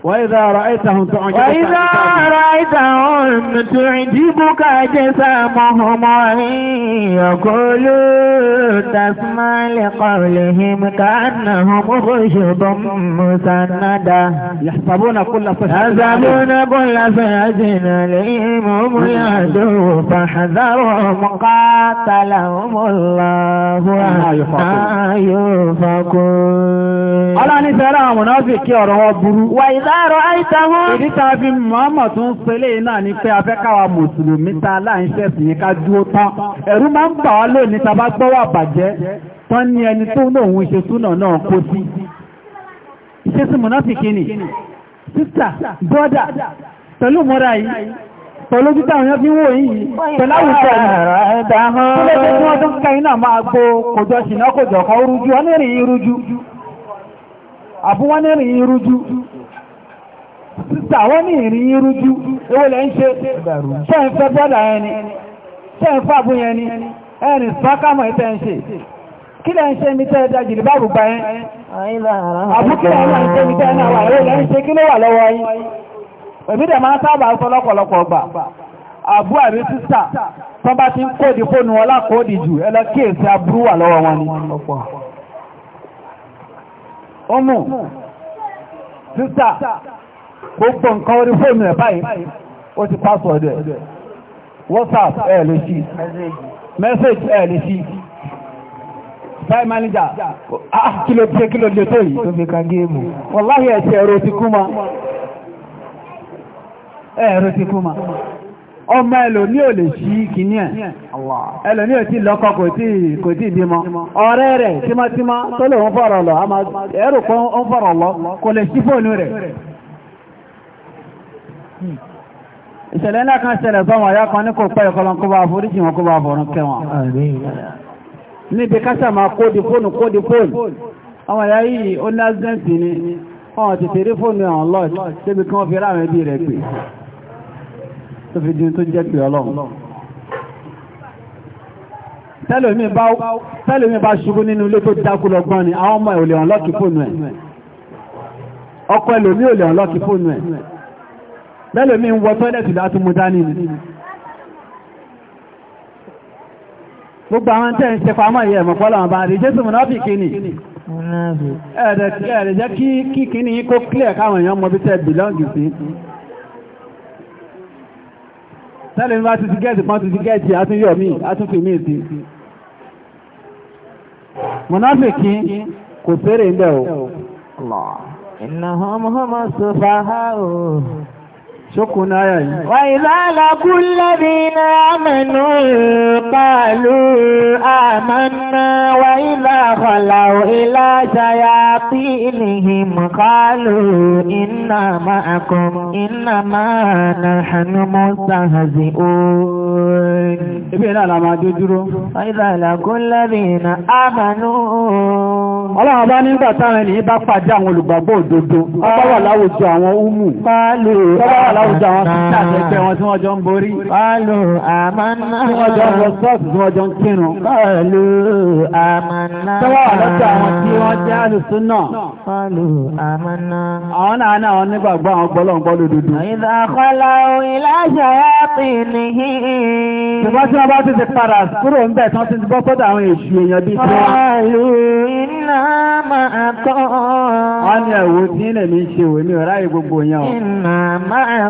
Speaker 2: وإذا رأيتهم تعجبك وإذا رأيتهم تعجبك
Speaker 1: أجسامهم وإن يقولوا تسمع لقولهم كأنهم خشب مسندة
Speaker 2: يحسبون كل صحة يحسبون
Speaker 1: كل صحة عليهم
Speaker 2: العدو فاحذرهم قاتلهم الله وما يفكون. ألا نسألهم نافي كي أروا
Speaker 4: وإذا láàárọ̀ àìsàwọn. Èdí ta fi Mọ́mọ̀ tó ń pele náà ni pé afẹ́káwa Mùsùlùmí ta láìṣẹ́ sí ká dúró tán. Ẹ̀rú máa ń bà wá lónìí ta bá gbọ́ wà bàjẹ́ tán ní ẹni tó ń lòun ṣe súnà náà kó sí. Ìṣesí Mùnáfìkì ni. Sísà, bọ́dà, pẹ̀lú mọ́ra yìí pẹ̀lú títà àwọn fi wò yìí pẹ̀lú àwùjọ ẹ̀rọ ẹ̀dàmọ́ tí wọ́n tó ń kẹ́yìn náà máa rújú sísà wọ́n ní ìrìn yín rújú owó lẹ́ ń ṣe ṣẹ́ ń fẹ́ bọ́dà yẹn ni ṣẹ́ ń fàbú yẹn ni ẹ̀rìn sọ́kàmọ̀ ìtẹ́ ń ṣe kí lẹ́ ń ṣe mi tẹ́ ẹja jìlì báàbù gbà yẹn àbúkí lẹ́ ń ṣe mi tẹ́ ẹ̀ náà wà owó lẹ́ ń ṣe kí ló wà lọ́wọ́ yín èmi dẹ̀ máa ń sábà sọ lọ́pọ̀lọpọ̀ gbà àbú àrí sísà tán bá ti ń kóòdì fóònù wọn lákòódì jù ẹlẹ́kẹ̀ẹ́sì aburú wà lọ́wọ́ wọn ni gbogbo nǹkan orí fóònù ẹ̀ báyìí ó ti password ẹ̀ whatsapp ẹ̀ lè ṣí message ẹ̀ lè ṣí manager ah kí ló dé kí ló dé tó yìí tó fi ka géèmù ẹ̀rọ ti kú ma ẹ̀rọ ti kú ma ọmọ ẹlòmí ò lè ṣí kìíní ẹ̀ ẹlòmí ò tí lọ́kọ kò tí kò tí bímọ ọ̀rẹ́ rẹ̀ tó lè lọ ẹ̀rù kan lọ kò lè ìṣẹ̀lẹ̀ ńlá kan ṣẹlẹ̀ sọ́wọ́n àyá kan ní kò pẹ́ ìkọlọ́n kó bá foríjì wọn kó bá fọ̀rún kẹwọn níbi kásà máa kódi fóònù kódi fóònù àwọn àyá yìí ó ní azẹ́ǹtì ni ọ̀n ti tèrè fóònù àwọn lọ́ọ̀tì débi kí wọ́n fi ráàmì bí rẹ̀ pè tó fi dín tó jẹ́ pé ọlọ́run tẹ́lómi bá ṣubú nínú ilé tó dákú lọ́gbọ́n ni àwọn ọmọ ẹ̀ ò lè ọ̀nlọ́kì fóònù ẹ̀ ọkọ ẹlòmí ò lè ọ̀nlọ́kì fóònù bẹ́lẹ̀ mi ń wọ tọ́lẹ̀tì láti mú dání ni gbogbo àwọn tẹ́ ń ṣe pàmọ́ ìyẹ̀ mọ̀pọ́lọ̀ àwọn bá rí jésù mọ̀ náàbì kí ni ẹ̀rẹ̀ jẹ́ kí kí ní kó clear káwọn èèyàn mọ̀ bí tẹ́ bìlọ́ǹgì sí tẹ́lẹ̀ mi bá ti ti gẹ́ẹ̀tì pọ́n ti ti gẹ́ẹ̀tì àtúnyọ̀ mi àtúnfì mi sí
Speaker 3: mọ̀náfìkí
Speaker 1: ṣókùn ní ayà yìí. wà ìlàlá kú lẹ́bí ní àmìnú pàlú àmànà wà ìlà fàlà ìlà ṣayá tí ìlìhì mọ̀kálù
Speaker 2: iná máa kún iná máa nà hànú mọ́ sàhàzì oòrùn. ibi náà la máa dé dúró. wà ìlàlá kú lẹ́bí ní
Speaker 1: àmànú. ọlọ́run bá
Speaker 4: nígbà táwọn ènìyàn bá pàdé àwọn olùgbàgbọ́ òdodo. ọgbà wà láwùjọ àwọn úmù. pàlú àmànà láwùjọ àwọn títà àtẹ́gbẹ́ wọn tí wọ́n jọ ń borí. Kọ́lù àmàna. Tí wọ́n jọ ń lọ sọ́ọ̀tù tí wọ́n jọ ń kírun. Kọ́lù àmàna. Tọ́wọ́ àlọ́tọ̀ àwọn tí wọ́n jẹ́ àlùsùn náà. Kọ́lù àmàna. Àwọn náà náà wọn nígbàgbọ́ àwọn gbọ́lọ́ngbọ́ ń bẹ̀ tán ti wọ́n. ní
Speaker 1: ẹ̀wò tí ń
Speaker 4: mi ṣe òwe mi ò ráyè gbogbo yẹn o. máa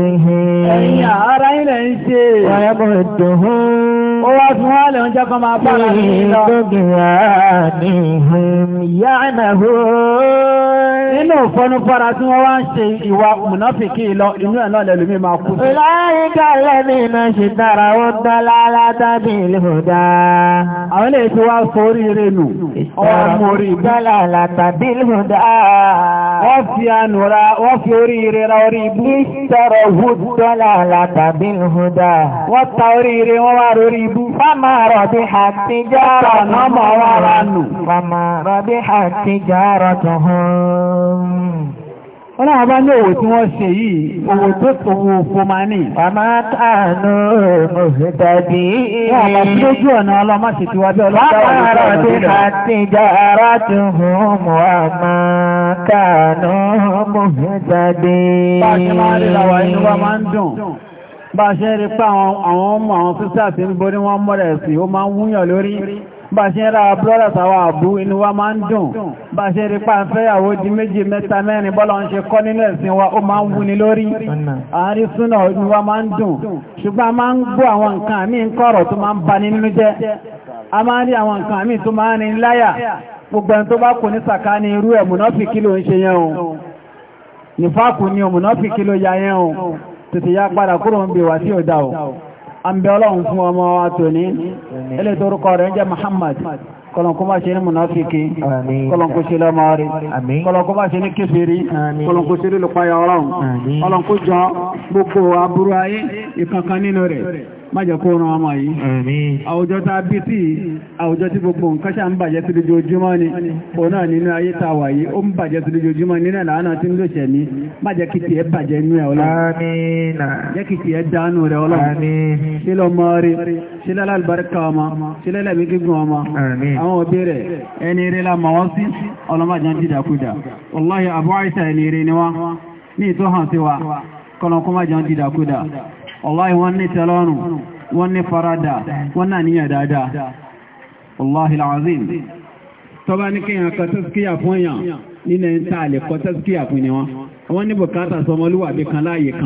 Speaker 1: بهم ويمدهم في طغيانهم يعمهون nínú òfọ́nú fọ́ra tí wọ́n wá ń
Speaker 4: ṣe ìwà mùnáfìkì lọ inú ẹ̀ náà lẹ́lùmí máa kú. láyíká lẹ́mí iná ṣe dára ó dọ́lá látàbí ìlúdá. àwọn ilé tí wá forí renù ọmọ orí dọ́lá látàbí ìlúdá. wọ́n fi ànúra wọ́n fi orí rẹra orí ibú. ìṣẹ̀rọ̀ Wùdọ́là látàbí ìhúdá. Wọ́n ta
Speaker 1: oríire wọ́n wá rórí ibú. Fáma rọ̀bí àti járọ̀ náà mọ̀ wá ránù. Ọlọ́run bá
Speaker 4: ní òwò tí wọ́n ṣe yìí, òwò tó tòwò fòmánì. Bàmá tàànù
Speaker 1: mùsùtàbí. Wọ́n bá tí lójú ọ̀nà ọlọ́mọ sì ti wá bí ọlọ́pàá wà lọ́jọ́ òjò. Wọ́n bá ti jára tí hùn mọ́ àmà tàànù mùsùtàbí.
Speaker 4: Bá a ṣe máa rí làwà inú wa máa ń dùn. Bá a ṣe rí pé àwọn ọmọ àwọn sísá ti ń borí wọn mọ́rẹ̀ sí, ó máa ń wúyàn lórí bá ṣe ń ra brọ́dà tàwà àbú inú wa máa ń dùn bá ṣe rí pa ń fẹ́yàwó di méjì mẹ́ta mẹ́rin bọ́lá ń ṣe kọ́ nínú ẹ̀sìn wa ó máa ń wúni lórí àárín súnà inú wa máa ń dùn ṣùgbọ́n a máa ń gbọ́ àwọn nǹkan àmì ń tó máa ń ba nínú jẹ́ a máa ń rí àwọn nǹkan àmì tó máa ń rin láyà gbogbo ẹni tó bá kò ní sàká ní irú ẹ̀ mùnáfìkí ló ń ṣe yẹn o nífàkù ni mùnáfìkí ló ya yẹn o tètè ya padà kúrò ń bè wá sí ọ̀dà o àmbẹ̀ ọlọ́run fún ọmọ wa tò ní ilé tó rúkọ rẹ̀ jẹ́ Muhammad kọlọ̀kọ́ máa ṣe ní munafiki kọlọ̀kọ́ ṣe lọ́mọ rí kọlọ̀kọ́ máa ṣe ní kéfèrí ọlọ́run ọlọ́run jọ gbogbo aburú ayé ìkankan nínú rẹ̀ májẹ̀ kó ran ọmọ yìí àwùjọ tá a bí sí àwùjọ tí gbogbo nǹkan ṣá ń bàjẹ́ sí lójoojúmọ́ ni o náà nínú ayé tá a wà yìí ó ń bàjẹ́ sí lójoojúmọ́ nínú ìlànà tí ń lò ṣẹ̀ ní májẹ̀ kí tiẹ̀ bàjẹ́ inú ẹ̀ ọlọ́run jẹ́ kí tiẹ̀ dánú rẹ̀ ọlọ́run ṣe lọ́mọ rí ṣe lálàlùbáríkà ọmọ ṣe lẹ́lẹ́mí gígùn ọmọ àwọn òbí rẹ̀ ní ìtọ́hàn sí wa kọ́lọ́kọ́ má jẹun wallahi wọ́n ní tẹ́lọ́rùn wọ́n ní farada wọ́n náà níyàn dáadáa wallahi alazim tọ́bá ní kí èèyàn kọ tẹ́síkíyà fún èèyàn nínú ẹ̀ńtà àlẹ́kọ́ tẹ́síkíyà fún ni wọ́n wọ́n ní bùkátà sọmọlúwàbí kan láàyè kan